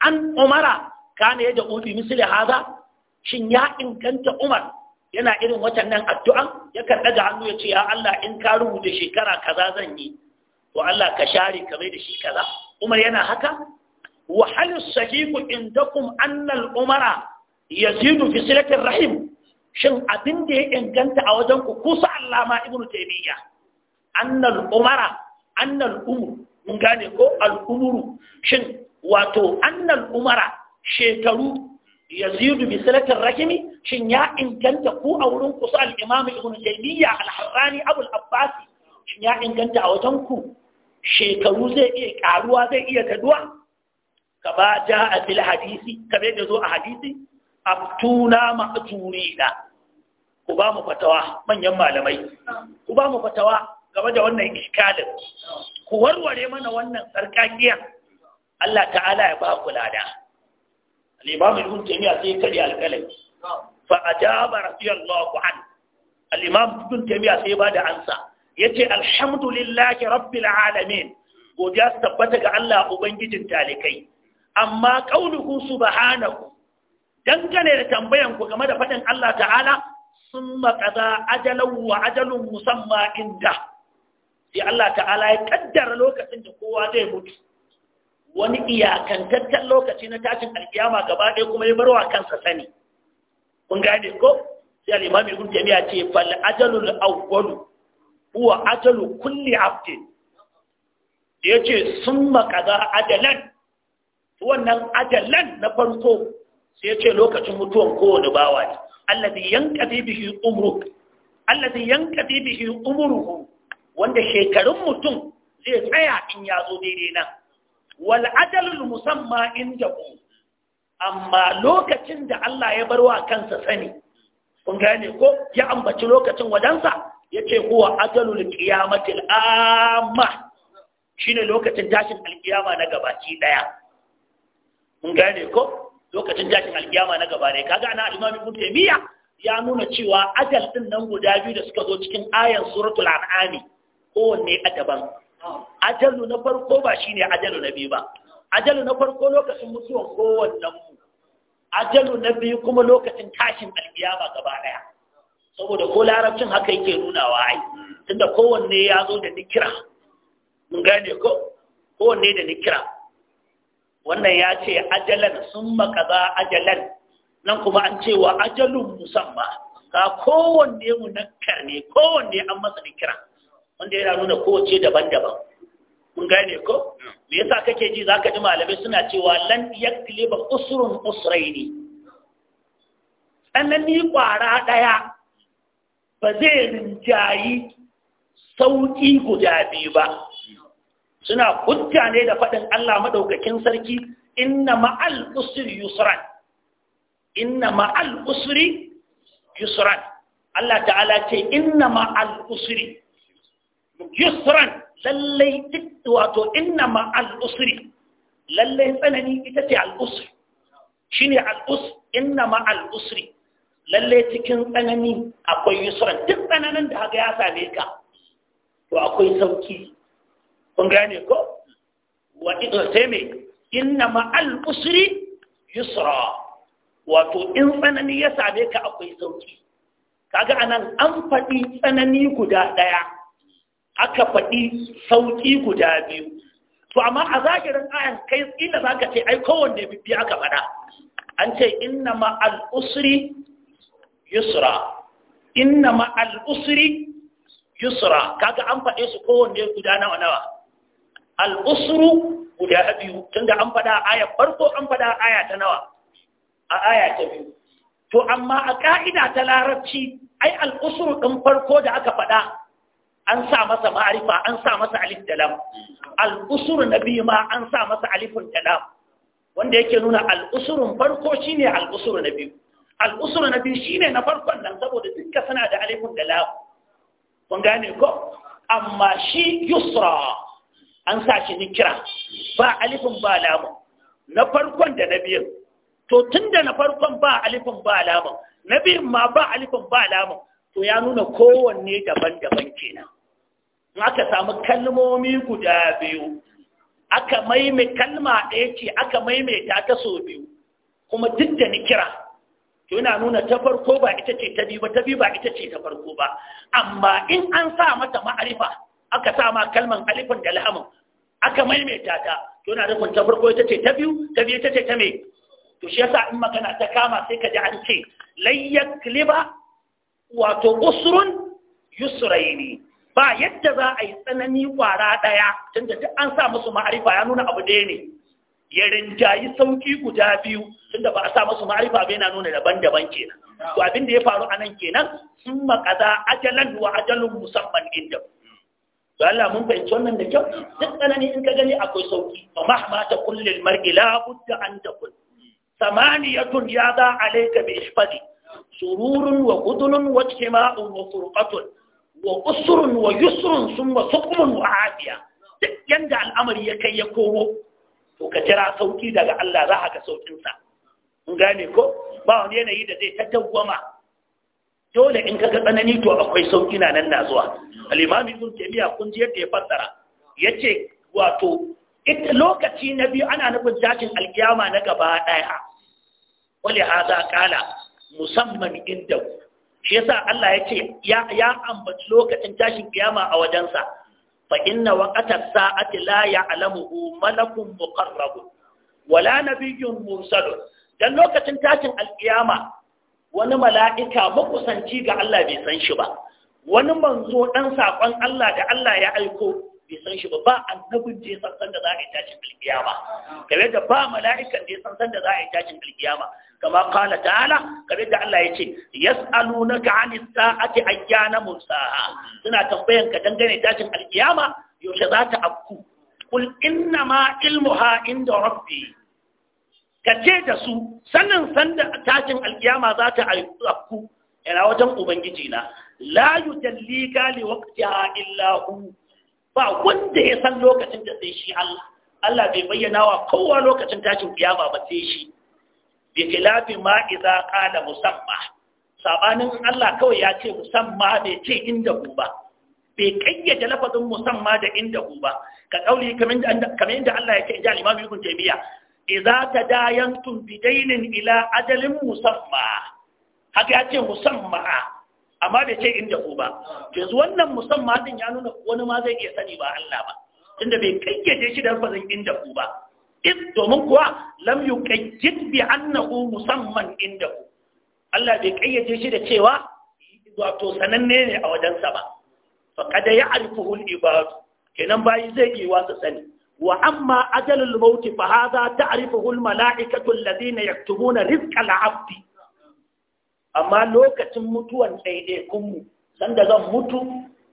an umara kana yadda ubi misali haza shin ya inganta umar yana irin watannan addu'an ya kan daga hannu ya ce ya Allah in ka rubuta shekara kaza zan yi to Allah ka share ka mai da shi kaza umar yana haka wahal sahihu indakum annal umara yazidu fi rahim shin abin da ya inganta a wajen ku kusa allama ibnu taymiya annal umara annal umur mun gane ko al'umuru shin wato annal umara shekaru yazidu bi salatin rahimi shin ya inganta ku a wurin kusa al-imam ibn taymiya al-harrani abul al-abbasi shin ya inganta a wajen ku shekaru zai iya karuwa zai iya kaduwa ja a fil hadisi bai da zo a hadisi abtuna ma'turina ku ba mu fatawa manyan malamai ku ba mu fatawa game da wannan iskalin ku warware mana wannan tsarkakiyar Allah ta'ala ya ba ku lada al-imam ibn taymiya sai kare alƙalai fa ajaba radiyallahu an al-imam ibn taymiya sai ba da ansa yace alhamdulillahi rabbil alamin godiya tabbata ga Allah ubangijin talikai amma qauluhu subhanahu dangane da tambayan ku game da faɗin Allah ta'ala sun maƙaza ajalan wa ajalun musamma inda sai Allah ta'ala ya kaddara lokacin da kowa zai mutu wani iyakantaccen lokaci na tashin alkiyama gaba ɗaya kuma ya bar wa kansa sani kun gane ko sai al-imam ibn taymiya ce fal ajalul awwalu huwa ajalu kulli abdi yace summa qada ajalan wannan ajalan na farko sai yace lokacin mutuwan kowane bawa ne alladhi yanqadi bihi umruk alladhi yanqadi bihi umruhu wanda shekarun mutum zai tsaya in ya zo daidai nan wal ajal musamma inda ku amma lokacin da Allah ya bar wa kansa sani kun gane ko ya ambaci lokacin wajensa ya ce kuwa ajalul qiyamatil amma shine lokacin tashin alkiyama na gabaci daya kun gane ko lokacin tashin alkiyama na gaba ne kaga ana al-imam ya nuna cewa ajal din nan guda biyu da suka zo cikin ayan suratul an'am kowanne a daban ajalu na farko ba shine ajalu na biyu ba ajalu na farko lokacin mutuwan kowanne mu ajalu na biyu kuma lokacin tashin ba gaba daya saboda ko larabcin haka yake nunawa ai tunda kowanne ya zo da nikira mun gane ko kowanne da nikira wannan ya ce ajalan sun makaza ajalan nan kuma an ce wa ajalun musamma ka kowanne mu nakkar ne kowanne an masa nikira wanda yana nuna kowace daban-daban mun gane ko hmm. me yasa kake ji zaka ji malamai suna cewa lan yakliba usrun usraini tsanani kwara daya ba zai rinjayi sauki guda biyu ba suna hujja ne da faɗin Allah madaukakin sarki inna ma'al usri yusran inna ma'al usri yusran Allah ta'ala ce inna ma'al usri yusran lallai wato inna ma al'usri lallai tsanani ita ce al'usri shi ne al'usri inna ma al'usri lallai cikin tsanani akwai yusran duk tsananin da haka ya same ka to akwai sauki kun gane ko wa eh, sai mai inna ma al'usri yusra wato in tsanani ya same ka akwai sauki kaga anan an faɗi tsanani guda ɗaya aka faɗi sauƙi guda biyu to amma a zahirin ayan kai inda za ka ce ai kowanne bibbi aka faɗa an ce inna ma al'usri yusra inna ma al'usri yusra kaga an faɗe su kowanne guda nawa nawa al'usru guda biyu tunda an faɗa aya farko an faɗa aya ta nawa a aya ta biyu to amma a ka'ida ta larabci ai al'usru ɗin farko da aka faɗa an sa masa ma'arifa an sa masa alif da lam al'usur na biyu ma an sa masa alifun da lam wanda yake nuna al'usurun farko shine al'usur na biyu al'usur na biyu shine na farkon nan saboda dukkan suna da alifun da lam kun gane ko amma shi yusra an sa shi nikira ba alifin ba lamun na farkon da na biyun to tunda na farkon ba alifin ba lamun na biyun ma ba alifin ba lamun to ya nuna kowanne daban-daban kenan in aka samu kalmomi guda biyu aka maime kalma ɗaya ce aka maimaita ta so biyu kuma duk da ni kira to yana nuna ta farko ba ita ce ta biyu ba ta biyu ba ita ce ta farko ba amma in an sa mata ma'arifa aka sa ma kalman alifin da lahamin aka maimaita ta to yana nufin ta farko ita ce ta biyu ta biyu ita ce ta me to shi yasa in magana ta kama sai ka ji an ce layyakliba wato usrun yusraini ba yadda za a yi tsanani kwara ɗaya tunda duk an sa musu ma'arifa ya nuna abu ɗaya ne ya rinjayi sauƙi guda biyu tunda ba a sa musu ma'arifa ba yana nuna daban-daban kenan to abin da ya faru a nan kenan sun makaza ajalan wa ajalun musamman inda to Allah mun fahimci wannan da kyau duk tsanani in ka gani akwai sauki fa mahma ta kullil mar'i la budda an takun samaniyatun ya za alayka bi ishfadi sururun wa qudunun wa ijtima'un wa furqatun wa usurun wa yusurun sun wa sukumun wa afiya duk yadda al'amari ya kai ya komo to ka jira sauki daga Allah za ka saukinsa in gane ko ba wani yanayi da zai tattagwama dole in ka ga tsanani to akwai sauki na nan na zuwa al'imami ibn taymiya kun ji yadda ya fassara yace wato ita lokaci na biyu ana nufin tashin alkiyama na gaba daya wali hada kala musamman inda shi yasa Allah ya ce ya ambaci lokacin tashin kiyama a wajensa fa inna waqata sa'ati la ya'lamuhu malakun muqarrab wala nabiyyun mursal dan lokacin tashin alkiyama wani mala'ika makusanci ga Allah bai san shi ba wani manzo dan sakon Allah da Allah ya aiko bai san shi ba ba annabin je san san da za a yi tashin alkiyama kare da ba mala'ikan da ya san san da za a yi tashin alkiyama kama qala ta'ala kabe da Allah ya yace yas'alunaka 'anis sa'ati ayyana mursaha suna tambayan ka dangane tashin alkiyama yaushe za ta afku kul inna ma ilmuha inda rabbi kace da su sanin sanda tashin alkiyama za ta afku ina wajen ubangiji na la yutallika li waqtiha illa hu ba wanda ya san lokacin da sai shi Allah Allah bai bayyana wa kowa lokacin tashin kiyama ba sai shi bi khilafi ma idza qala musamma sabanin Allah kawai ya ce musamma bai ce inda ku ba bai kayyade lafazin musamma da inda ku ba ka kauli kamar yadda Allah ya ce ja imamu Ibn Taymiyyah idza tadayantum bidainin ila ajalin musamma haka ya ce musamma amma bai ce inda ku ba yanzu wannan musamma din ya nuna wani ma zai iya sani ba Allah ba tunda bai kayyade shi da lafazin inda ku ba in domin kuwa lam yuqayyid bi annahu musamman ku. Allah bai ƙayyace shi da cewa wato sananne ne a wajensa ba faqad ya'rifuhu al-ibad kenan bayi zai yi wasu sani wa amma ajalul maut fa hadha ta'rifuhu al-mala'ikatu alladhina yaktubuna rizqa al-'abdi amma lokacin mutuwan ɗaiɗaikun mu sanda zan mutu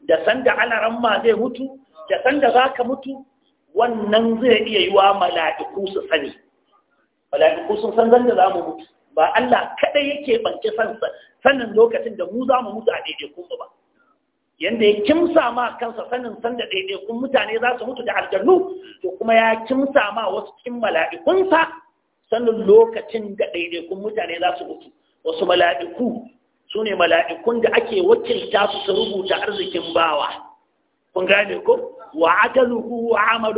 da sanda alaran ma zai mutu da sanda zaka mutu wannan zai iya yiwa mala'iku su sani mala'iku sun san zan da za mu mutu ba Allah kaɗai yake ɓance sansa sanin lokacin da mu za mu mutu a daidaikun ba yanda ya kimsa ma kansa sanin san da kun mutane za su mutu da aljannu to kuma ya kimsa ma wasu cikin mala'ikunsa sanin lokacin da kun mutane za su mutu wasu mala'iku su ne mala'ikun da ake wakilta su su rubuta arzikin bawa kun gane ko wa ajaluhu wa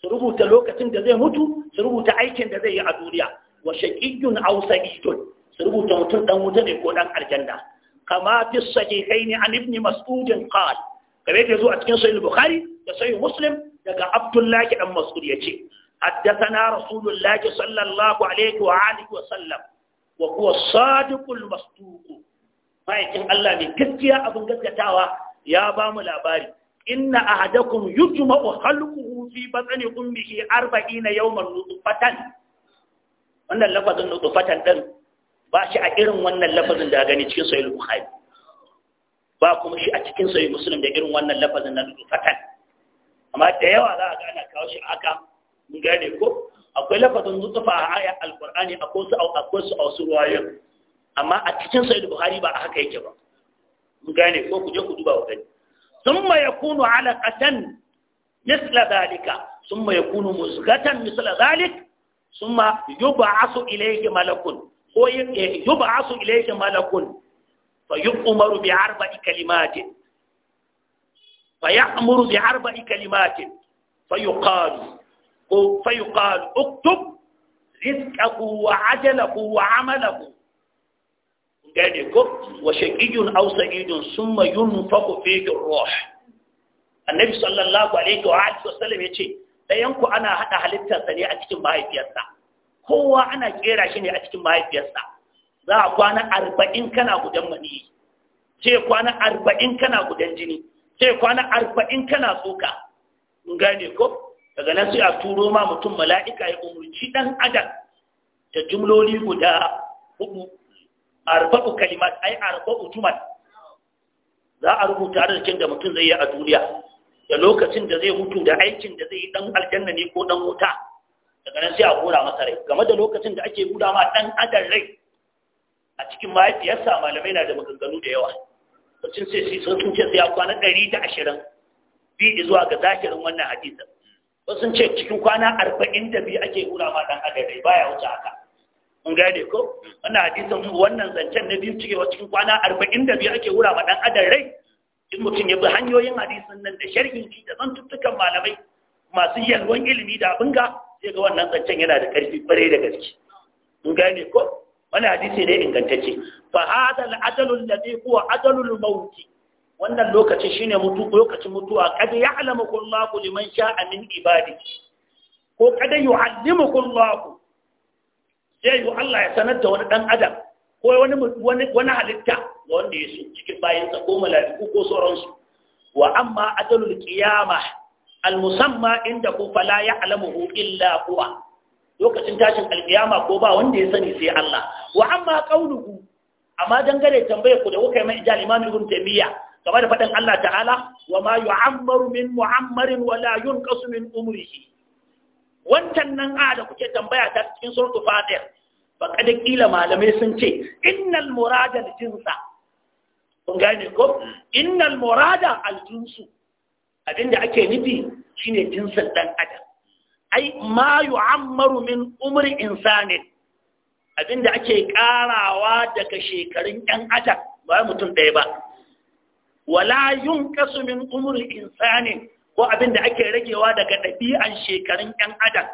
su rubuta lokacin da zai mutu su rubuta aikin da zai yi a duniya wa shaqiyyun aw sa'idun su rubuta mutum ɗan wuta ne ko dan aljanna kama fi sahihain an ibn mas'ud qal kare da zo a cikin sahih bukhari da sahih muslim daga abdullahi dan mas'ud yace حدثنا رسول الله صلى الله عليه وآله وسلم وهو الصادق المصدوق فايتين الله من كتيا أبن كتاوا يا بام الأباري inna ahadakum yujma'u khalquhu fi batni ummihi 40 yawman nutfatan wannan lafazin nutfatan din ba shi a irin wannan lafazin da gani cikin sahih bukhari ba kuma shi a cikin sahih muslim da irin wannan lafazin na nutfatan amma da yawa za a ga ana kawo shi aka, mun gane ko akwai lafazin nutfa a ayat alqur'ani akwai su akwai su a wasu ruwayoyi amma a cikin sahih bukhari ba haka yake ba mun gane ko ku je ku duba wa gani ثم يكون علقة مثل ذلك ثم يكون مزغة مثل ذلك ثم يبعث إليه ملك يعني يبعث إليه ملك فيؤمر بأربع كلمات فيأمر بأربع كلمات فيقال فيقال اكتب رزقه وعجله وعمله gane ko wa shaqiyun aw sa'idun summa yunfaqu fihi ar-ruh annabi sallallahu alaihi wa alihi wasallam yace dayan ku ana hada halittarsa ne a cikin mahaifiyarsa kowa ana kera shi ne a cikin mahaifiyarsa za a kwana arba'in kana gudan maniyi sai kwana arba'in kana gudan jini sai kwana arba'in kana tsoka gane ko daga nan sai a turo ma mutum mala'ika ya umurci dan adam da jumloli guda hudu arba'u kalimat ai arba'u jumal za a rubuta arzikin da mutum zai yi a duniya da lokacin da zai mutu da aikin da zai yi dan aljanna ne ko dan wuta daga nan sai a gura masa rai game da lokacin da ake guda ma dan adam rai a cikin mahaifiyarsa malamai na da maganganu da yawa sun ce sai sun ce sai ya kwana ɗari da ashirin bi zuwa ga zahirin wannan hadisin sun ce cikin kwana arba'in da biyu ake gura ma dan adam rai baya wuce haka gane ko wannan hadisin wannan zancen na biyu cikewa cikin kwana arba'in da biyu ake wura ma dan adam rai in mutum ya bi hanyoyin hadisin nan da sharhin shi da zantuttukan malamai masu yalwan ilimi da abin ga sai ga wannan zancen yana da ƙarfi bare, da gaske in gane ko wannan hadisi ne ingantacce fa hada al-ajalu alladhi huwa al maut wannan lokaci shine mutu lokacin mutuwa kad ya'lamu kullahu liman sha'a min ibadihi ko kad yu'allimu kullahu zai yi Allah ya sanar da wani ɗan adam ko wani halitta ga wanda ya so cikin bayansa ko mala'iku ko sauransu wa amma adalul qiyama al musamma inda ku fala ya'lamuhu illa huwa lokacin tashin alkiyama ko ba wanda ya sani sai Allah wa amma qauluhu amma dangane tambaye ku da kuka yi mai ijal imam ibn taymiya game da fadan Allah ta'ala wa ma yu'ammaru min mu'ammarin wa la yunqasu min umrihi wancan nan a da kuke tambaya ta cikin surtu fatir faqad kila malamai sun ce innal murada al jinsa kun gane ko innal murada al jinsu da ake nufi shine jinsin dan adam ai ma yu'ammaru min umri Abin da ake karawa daga shekarun yan adam ba mutum ɗaya ba wala yunqasu min umri insani ko abin da ake ragewa daga ɗabi'an shekarun 'yan adam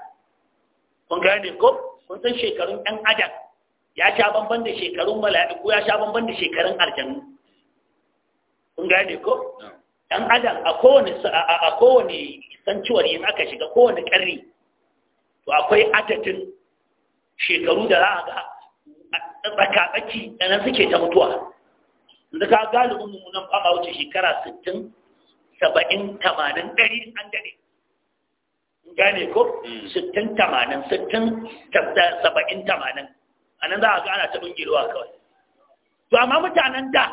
kun gane ko kun san shekarun 'yan adam ya sha bamban da shekarun mala'iku ya sha bamban da shekarun aljanu kun gane ko ɗan adam a kowane a kowane sanciwar yin aka shiga kowane ƙarni to akwai adadin shekaru da za a ga tsakatsaki da nan suke ta mutuwa yanzu ka galibin mummunan fama wuce shekara sittin saba'in tamanin ɗari an dare gane ko hmm. sittin tamanin sittin saba'in tamanin a nan za a ga ana ta ɗungirwa kawai to amma mutanen da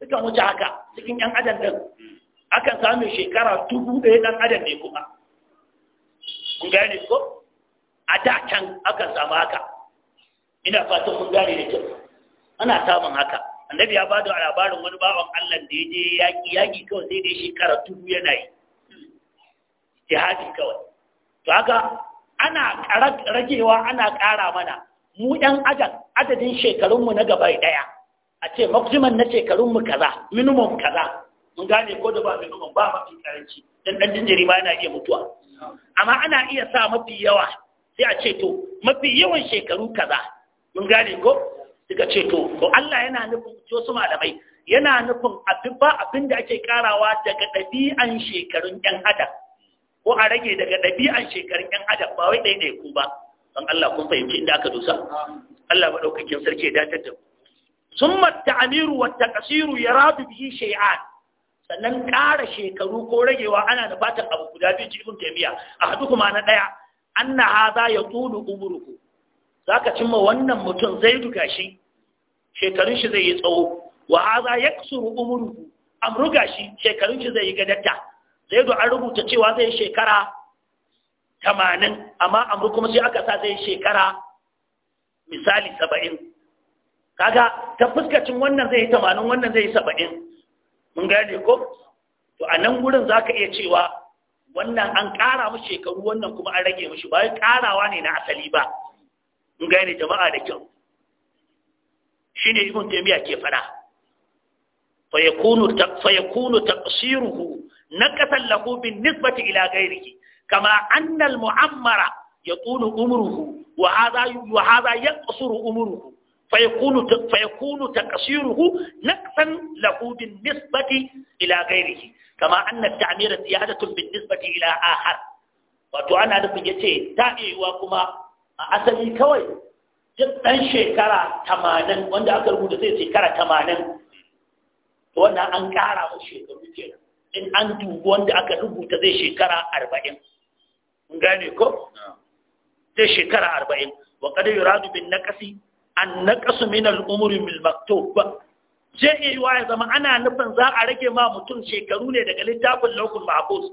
sukan wuce haka cikin yan adam ɗin hmm. akan samu shekara dubu ɗaya ɗan adam ne kuma kun gane ko a da can akan samu haka ina fatan kun gane da kyau ana samun haka annabi ya ba da labarin wani bawan Allah da ya je yaƙi yaƙi kawai sai da shi karatu yana yi jihadi kawai to haka ana ragewa ana ƙara mana mu ɗan adam adadin shekarunmu na gaba ɗaya a ce maximum na shekarunmu kaza minimum kaza mun gane ko da ba minimum ba mafi karanci dan ɗan jinjiri ma yana iya mutuwa amma ana iya sa mafi yawa sai a ce to mafi yawan shekaru kaza mun gane ko suka ce to to Allah yana nufin to su malamai yana nufin abin ba abin da ake karawa daga ɗabi'an shekarun ɗan adam ko a rage daga ɗabi'an shekarun ɗan adam ba wai ɗaiɗai ku ba don Allah kun fahimci inda aka dosa Allah maɗaukakin sarki ya datar da ku summa ta'amiru wa taqsiru yaradu bihi shay'an sannan ƙara shekaru ko ragewa ana da fatan abu guda biyu cikin ibn a haɗu kuma na ɗaya anna ya yatulu umruhu za ka cimma wannan mutum zai duka shi shekarun shi zai yi tsawo wa haza ya kusuru umuru an ruga shi shekarun shi zai yi gadatta zai du an rubuta cewa zai shekara tamanin amma amru kuma sai aka sa zai shekara misali saba'in kaga ta fuskacin wannan zai yi tamanin wannan zai yi saba'in mun gane ko to a nan gurin za ka iya cewa wannan an ƙara mu shekaru wannan kuma an rage mushi ba ƙarawa ne na asali ba in gane jama'a da kyau shine ibn taimiyya ke fada fa yakunu fa yakunu taqsiruhu naqatan lahu bin nisbati ila ghayrihi kama anna al mu'ammara yatulu umruhu wa hadha wa hadha yaqsuru umruhu فيكون فيكون تقصيره نقصا له بالنسبة إلى غيره كما أن التعمير زيادة بالنسبة إلى آخر وتعنى لكم يتي تائي kuma. a asali kawai duk ɗan shekara tamanin wanda aka rubuta sai shekara tamanin to wannan an ƙara wa shekaru ke in an dubu wanda aka rubuta zai shekara arba'in gane ko zai shekara arba'in wa kada yuradu bin naqasi an naqasu min al-umri bil maktub zai iya wa ya zama ana nufin za a rage ma mutum shekaru ne daga littafin lokul mahfuz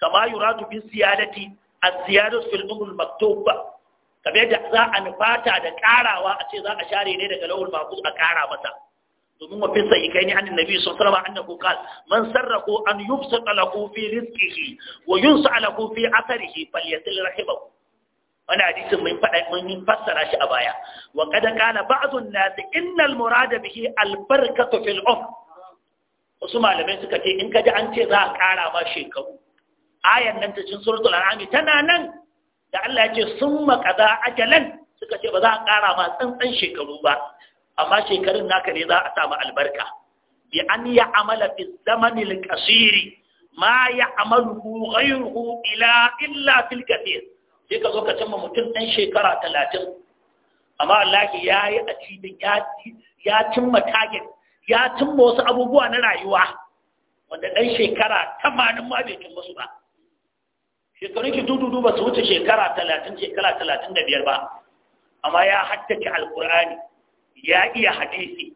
kama yuradu bin siyadati az-ziyadatu fil umri al maktub kamar yadda za a nufata da karawa a ce za a share ne daga lawul mafuz a kara mata domin wa fisa yi kaini annin nabi sun sarrafa annahu qal man sarraku an yubsita lahu fi rizqihi wa yunsa lahu fi atharihi falyasil rahimahu wani hadisin mun faɗa mun fassara shi a baya wa qad qala ba'dhu an-nas innal murada bihi al-barakatu fil umr wasu malamai suka ce in kaji an ce za a kara ma shekaru ayan nan ta cin suratul an'am tana nan da Allah ya ce sun makaza ajalan suka ce ba za a ƙara ma tsantsan shekaru ba amma shekarun naka ne za a samu albarka bi an ya amala fi zamanil kasiri ma ya amalu ghayruhu ila illa fil kathir sai ka zo ka cimma mutum ɗan shekara talatin amma Allah ya yi a cikin ya cimma target ya cimma wasu abubuwa na rayuwa wanda shekara tamanin ma bai cimma su ba shekarun ki dududu ba su wuce shekara talatin shekara talatin da biyar ba amma ya haddace alkur'ani ya iya hadisi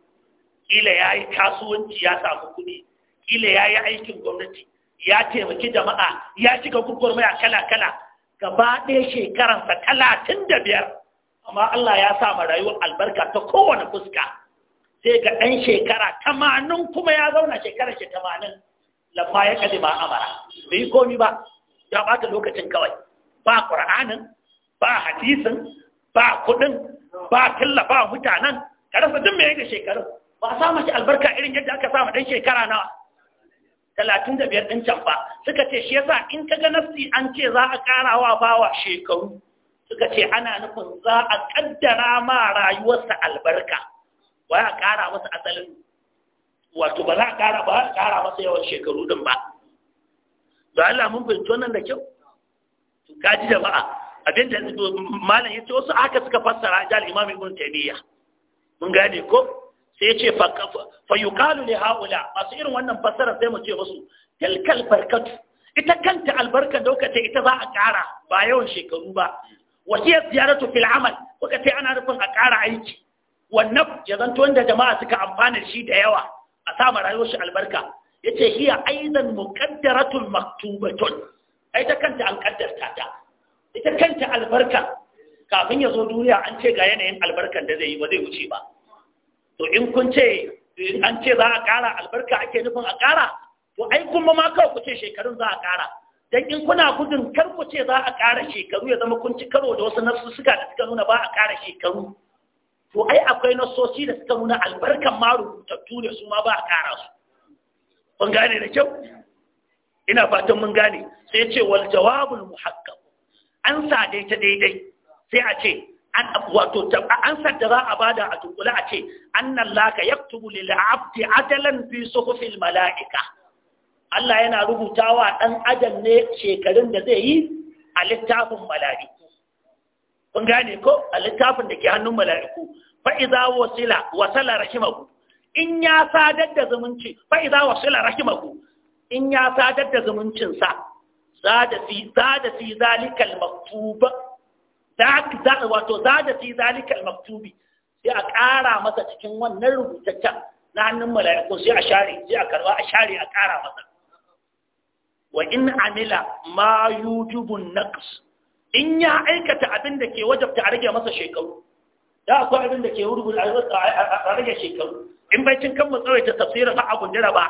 kila ya yi kasuwanci ya samu kuɗi kila ya yi aikin gwamnati ya taimaki jama'a ya shiga gurgurmaya kala-kala gaba ɗaya shekaransa talatin da biyar amma Allah ya sa ma rayuwar albarka ta kowane fuska sai ga ɗan shekara tamanin kuma ya zauna shekarar shi tamanin lamma ya ma amara bai komi ba ya bata lokacin kawai ba qur'anin ba hadisin ba kuɗin, ba tallafa mutanen ka rasa duk me yake shekarun. ba a samu shi albarka irin yadda aka samu dan shekara nawa talatin da biyar ɗin can ba suka ce shi yasa in ka ga nafsi an ce za a ƙarawa bawa shekaru suka ce ana nufin za a ƙaddara ma rayuwarsa albarka ba a ƙara masa asalin wato ba za a ƙara ba a ƙara masa yawan shekaru ɗin ba da Allah mun fahimci wannan da kyau ji jama'a abin da malam yace wasu haka suka fassara jal imam ibn taymiya mun gane ko sai yace fa yuqalu li haula masu irin wannan fassara sai mu ce musu tilkal barkatu ita kanta albarka da ita za a ƙara ba yawan shekaru ba wasiyar ziyaratu fil amal kuka ce ana nufin a ƙara aiki wannan ya zanto wanda jama'a suka amfana shi da yawa a sa ma rayuwar shi albarka Ya yace hiya aidan muqaddaratun maktubatun ai ta kanta an kaddarta ta ita kanta albarka kafin ya zo duniya an ce ga yanayin albarkan da zai yi ba zai wuce ba to in kun ce an ce za a ƙara albarka ake nufin a ƙara to ai kuma ma kawai ku ce shekarun za a ƙara dan in kuna gudun kar ku ce za a ƙara shekaru ya zama kun ci karo da wasu nasu suka da suka nuna ba a ƙara shekaru to ai akwai nasoci da suka nuna albarkan ma rubutattu ne su ma ba a ƙara su mun gane da kyau ina fatan mun gane sai ce wal jawabul muhakkam. an sa dai ta daidai sai a ce an wato an sa da za a bada a tunkula a ce annallaka yaktubu lil abdi adalan fi suhufil malaika Allah yana rubutawa dan adam ne shekarun da zai yi a littafin mala'iku kun gane ko a littafin da ke hannun mala'iku fa iza wasila wasala rahimahu in ya sadar da zumunci fa idza wasila rahimahu in ya sadar da zumuncinsa zada fi zada fi zalikal maktuba zada wato zada fi zalikal maktubi sai a ƙara masa cikin wannan rubutaccen na hannun mala'iku sai a share sai a karba a share a ƙara masa wa in amila ma yujubun naqs in ya aikata abin da ke wajabta a rage masa shekaru da akwai abin da ke rubuta a rage shekaru in bai cin kanmu tsawaita tafsirin har abun jira ba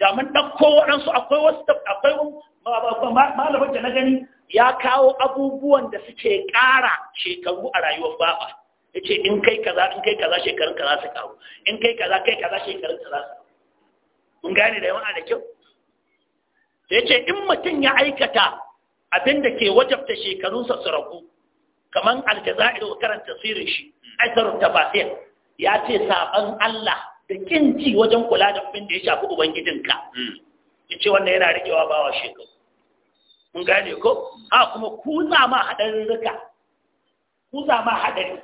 da mun ɗauko waɗansu akwai wasu akwai malamin da na gani ya kawo abubuwan da suke ƙara shekaru a rayuwar baba ya ce in kai kaza in kai kaza shekarun kaza su kawo in kai kaza kai kaza shekarun kaza su mun gane da yawan da kyau ya ce in mutum ya aikata abin da ke wajabta shekarunsa su ragu kamar aljazair karanta sirrin shi aizarun tafasir ya ce saban Allah da kinci wajen kula da abin da ya shafi ubangijinka hmm. ya ce wannan yana rikewa bawa shekaru mun gane ko a kuma kuza ma hadarin rika kuza ma haɗari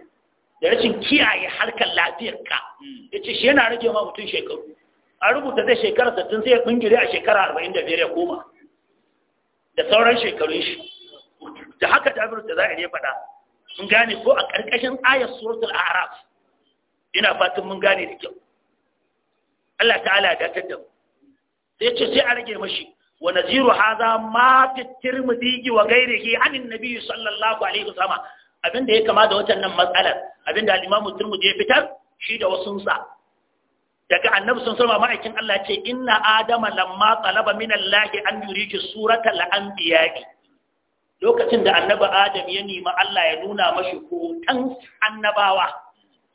da rashin kiyaye harkar lafiyarka hmm. ya ce shi yana rage ma mutum shekaru a rubuta zai shekara sattun sai ya kungire a shekara biyar ya koma da sauran shekarun shi da haka jabir da a ne faɗa mun gane ko a ƙarƙashin ayat suratul a'raf ina fatan mun gane da kyau Allah ta'ala da ta da sai ce sai a rage mashi wa naziru hadha ma fi tirmidhi wa ghairihi anin nabi sallallahu alaihi wasallam abinda ya kama da watan nan matsalar abinda al-imamu tirmidhi ya fitar shi da wasu sa daga annabi sun sallama ma'aikin Allah ce inna adama lamma talaba min Allah an yuriki surata al-anbiya'i lokacin da annabi adam ya nima Allah ya nuna mashi hoton annabawa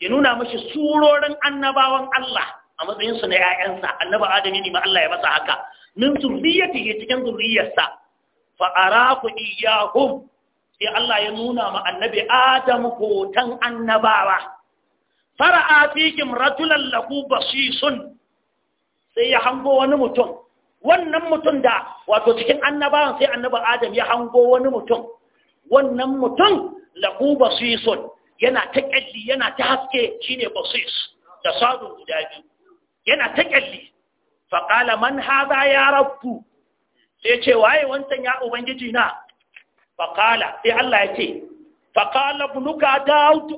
ya nuna mashi surorin annabawan Allah a matsayinsu na ‘ya'yansa, annaba Adam ne ma Allah ya masa haka, min zurriyati ke cikin zurriyarsa, fa'ara ku iyahum, sai Allah ya nuna ma annabi Adam hoton annabawa. Fara'a fikim ratulan lahu basisun, sai ya hango wani mutum, wannan mutum da wato cikin annabawan sai annaba Adam ya hango wani mutum, wannan mutum lahu basisun, yana ta ƙyalli, yana ta haske Shi ne basis da sadu guda biyu yana ta ƙyalli. fa qala man haza ya rabu. sai ce waye wancan ya ubangiji na Faƙala. sai Allah ya ce Faƙala qala daud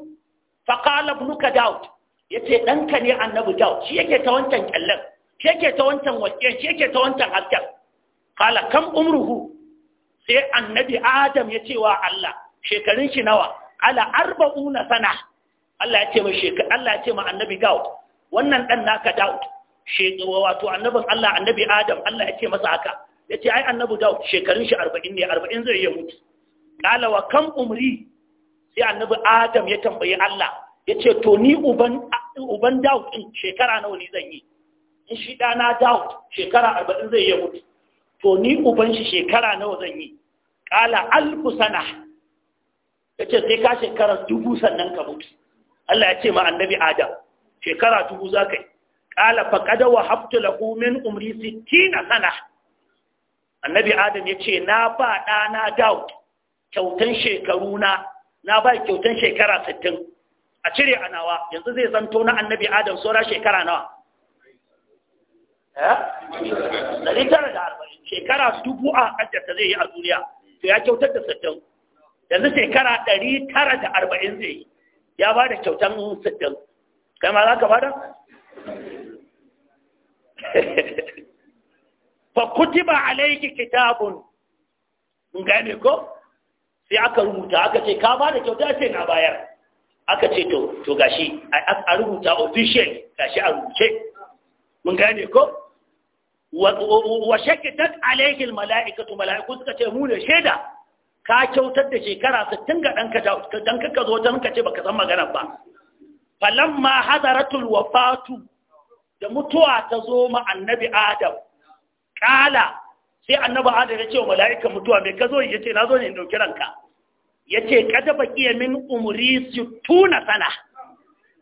Faƙala qala daud. Ya ce danka ne annabi daud shi yake ta wancan kyallan shi yake ta wancan wajen shi yake ta wancan hasken qala kam umruhu sai annabi adam ya ce wa Allah shekarun shi nawa ala arba'una sana Allah ya ce mai shekaru Allah ya ce ma annabi Daud wannan dan naka Daud shekaru wato annabin Allah annabi Adam Allah ya ce masa haka ya ce ai annabi Daud shekarun shi 40 ne 40 zai yi mutu kala wa kam umri sai annabi Adam ya tambayi Allah ya ce to ni uban uban Daud din shekara nawa ne zan yi in shi dana Daud shekara 40 zai yi mutu to ni uban shi shekara nawa zan yi kala alfu sana ya ce sai ka shekara dubu sannan ka mutu Allah ya ce ma annabi adam shekara dubu za ka yi ƙala faƙada wa haftu lahu min umri sittina sana annabi adam ya ce na ba ɗana daud kyautan shekaru na na ba kyautan shekara sittin a cire a nawa yanzu zai zanto na annabi adam saura shekara nawa eh? ɗari tara da arba'in shekara dubu a ƙaddata zai yi a duniya to ya kyautar da sittin yanzu shekara ɗari tara da arba'in zai ya ba da kyautan sittin kai ma za ka ba da? fa kutiba alaiki kitabun gane ko sai aka rubuta aka ce ka ba da kyauta ce na bayar aka ce to to gashi a rubuta official gashi a rubuce mun gane ko wa shakitat alaiki mala'ikatu mala'iku suka ce mu ne shaida ka kyautar da shekara 60 ga ɗanka dan ka zo dan ka ce baka san magana ba falamma hadaratul wafatu da mutuwa ta zo ma annabi adam kala sai annabi adam ya ce wa mala'ika mutuwa me ka zo ya ce na zo ne in dauki ranka ya ce kada baƙiya min umri tuna sana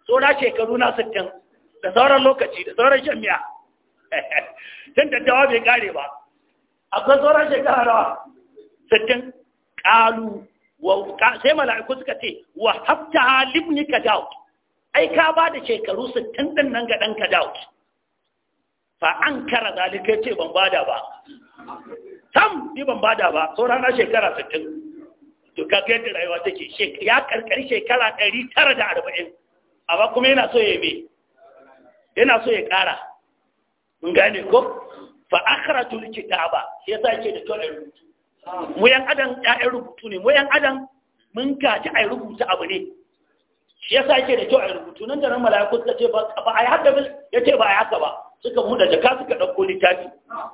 tsora shekaru na sittin da sauran lokaci da sauran shan miya da daddawa bai kare ba akwai sauran shekara rawa sittin ƙalu sai mala'iku suka ce wa hafta halibni ka dawo? ai ka ba da shekaru 60 din nan ga ka dawo? fa an kara zalika ce ban bada ba sam ni ban bada ba sauran na shekara 60 to ka ga yadda rayuwa take ya karkari shekara 940 amma kuma yana so ya be yana so ya kara mun gane ko fa akhratul kitaba yasa ya da to rubutu mu yan adam ƴaƴan rubutu ne mu yan adam mun kaji yi rubuta abu ne shi yasa yake da kyau yi rubutu nan da nan mala'iku suka ce ba a yi haka ba ce ba a yi haka ba suka mu da jaka suka dauko littafi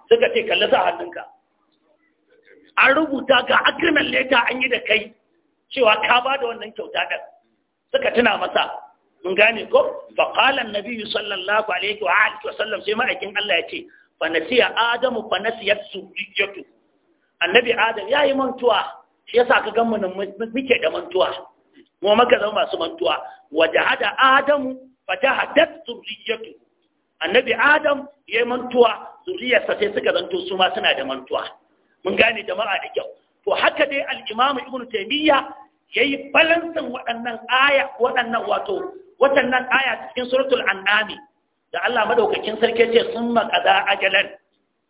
suka ce kalli sa hannunka an rubuta ga agreement letter an yi da kai cewa ka ba da wannan kyauta din suka tuna masa mun gane ko fa qala annabi sallallahu alaihi wa alihi wa sallam sai ma'aikin Allah ya ce fa nasiya adamu fa nasiyat suriyatu annabi adam ya yi mantuwa shi yasa ka gan mu muke da mantuwa mu maka zama masu mantuwa wa jahada adamu fa zurriyatu annabi adam ya yi mantuwa zuriyarsa sai suka zanto su ma suna da mantuwa mun gane jama'a da kyau to haka dai al-imamu ibnu taymiya yayi balansan waɗannan aya waɗannan wato waɗannan aya cikin suratul an'ami da Allah madaukakin sarki ce sun maqada ajalan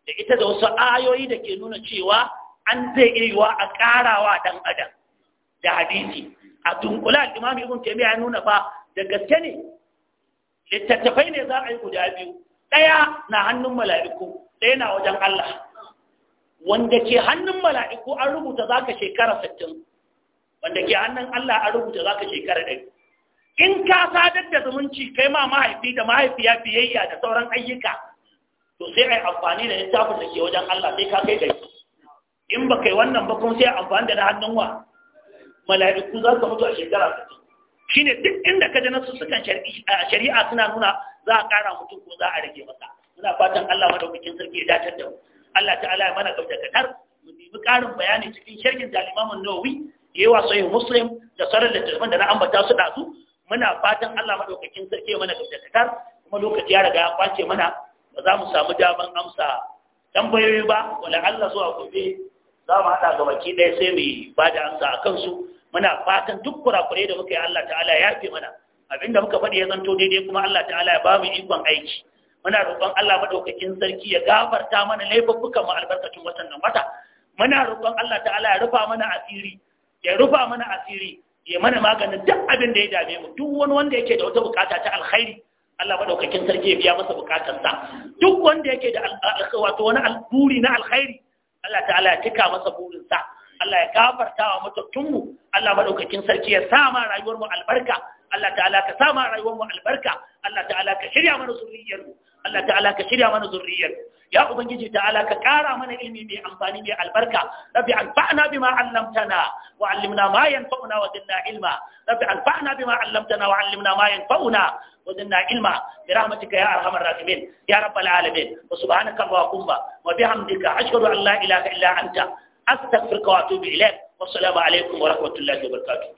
da ita da wasu ayoyi da ke nuna cewa an zai iya a ƙarawa ɗan adam da hadisi a dunkula imam ibn kemi ya nuna fa da gaske ne littattafai ne za a yi guda biyu ɗaya na hannun mala'iku ɗaya na wajen Allah wanda ke hannun mala'iku an rubuta za ka shekara sittin, wanda ke hannun Allah an rubuta za ka shekara ɗari in ka sadar da zumunci kai ma mahaifi da mahaifiya biyayya da sauran ayyuka to sai ai amfani da littafin da ke wajen Allah sai ka kai gari in ba kai wannan ba kuma sai amfani da na hannun wa mala'iku za su mutu a shekara ta shi ne duk inda ka ji na sussukan shari'a suna nuna za a ƙara mutum ko za a rage masa muna fatan Allah madaukakin sarki ya dace da Allah ta'ala ya mana ka tar mu nemi ƙarin bayani cikin sharhin da Imam Nawawi yawa sai Muslim da sauran littafin da na ambata su da su muna fatan Allah madaukakin sarki ya mana ka tar kuma lokaci ya riga ya kwace mana ba za mu samu daman amsa tambayoyi ba wala Allah zuwa gobe za mu haɗa ga baki ɗaya sai mu ba da amsa a kansu muna fatan duk kurakurai da muka yi Allah ta'ala ya fi mana abinda muka faɗi ya zanto daidai kuma Allah ta'ala ya ba mu ikon aiki muna roƙon Allah madaukakin sarki ya gafarta mana laifuffukan mu albarkacin watan nan wata muna roƙon Allah ta'ala ya rufa mana asiri ya rufa mana asiri ya mana maganin duk abin da ya dame mu duk wani wanda yake da wata bukata ta alkhairi Allah madaukakin sarki ya biya masa bukatarsa duk wanda yake da wato wani alburi na alkhairi Allah ta'ala ya cika masa burinsa Allah ya gafarta wa matattunmu Allah madaukakin sarki ya sa ma rayuwar mu albarka Allah ta'ala ka sa ma rayuwar mu albarka Allah ta'ala ka shirya mana zurriyar Allah ta'ala ka shirya mana zurriyar ya ubangiji ta'ala ka kara mana ilimi mai amfani mai albarka rabbi anfa'na bima 'allamtana wa 'allimna ma yanfa'una wa zidna ilma rabbi anfa'na bima 'allamtana wa 'allimna ma yanfa'una وزدنا علما برحمتك يا ارحم الراحمين يا رب العالمين وسبحانك اللهم وبحمدك اشهد ان لا اله الا انت استغفرك واتوب اليك والسلام عليكم ورحمه الله وبركاته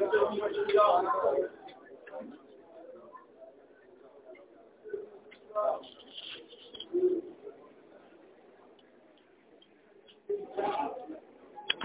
Thank you. Thank you.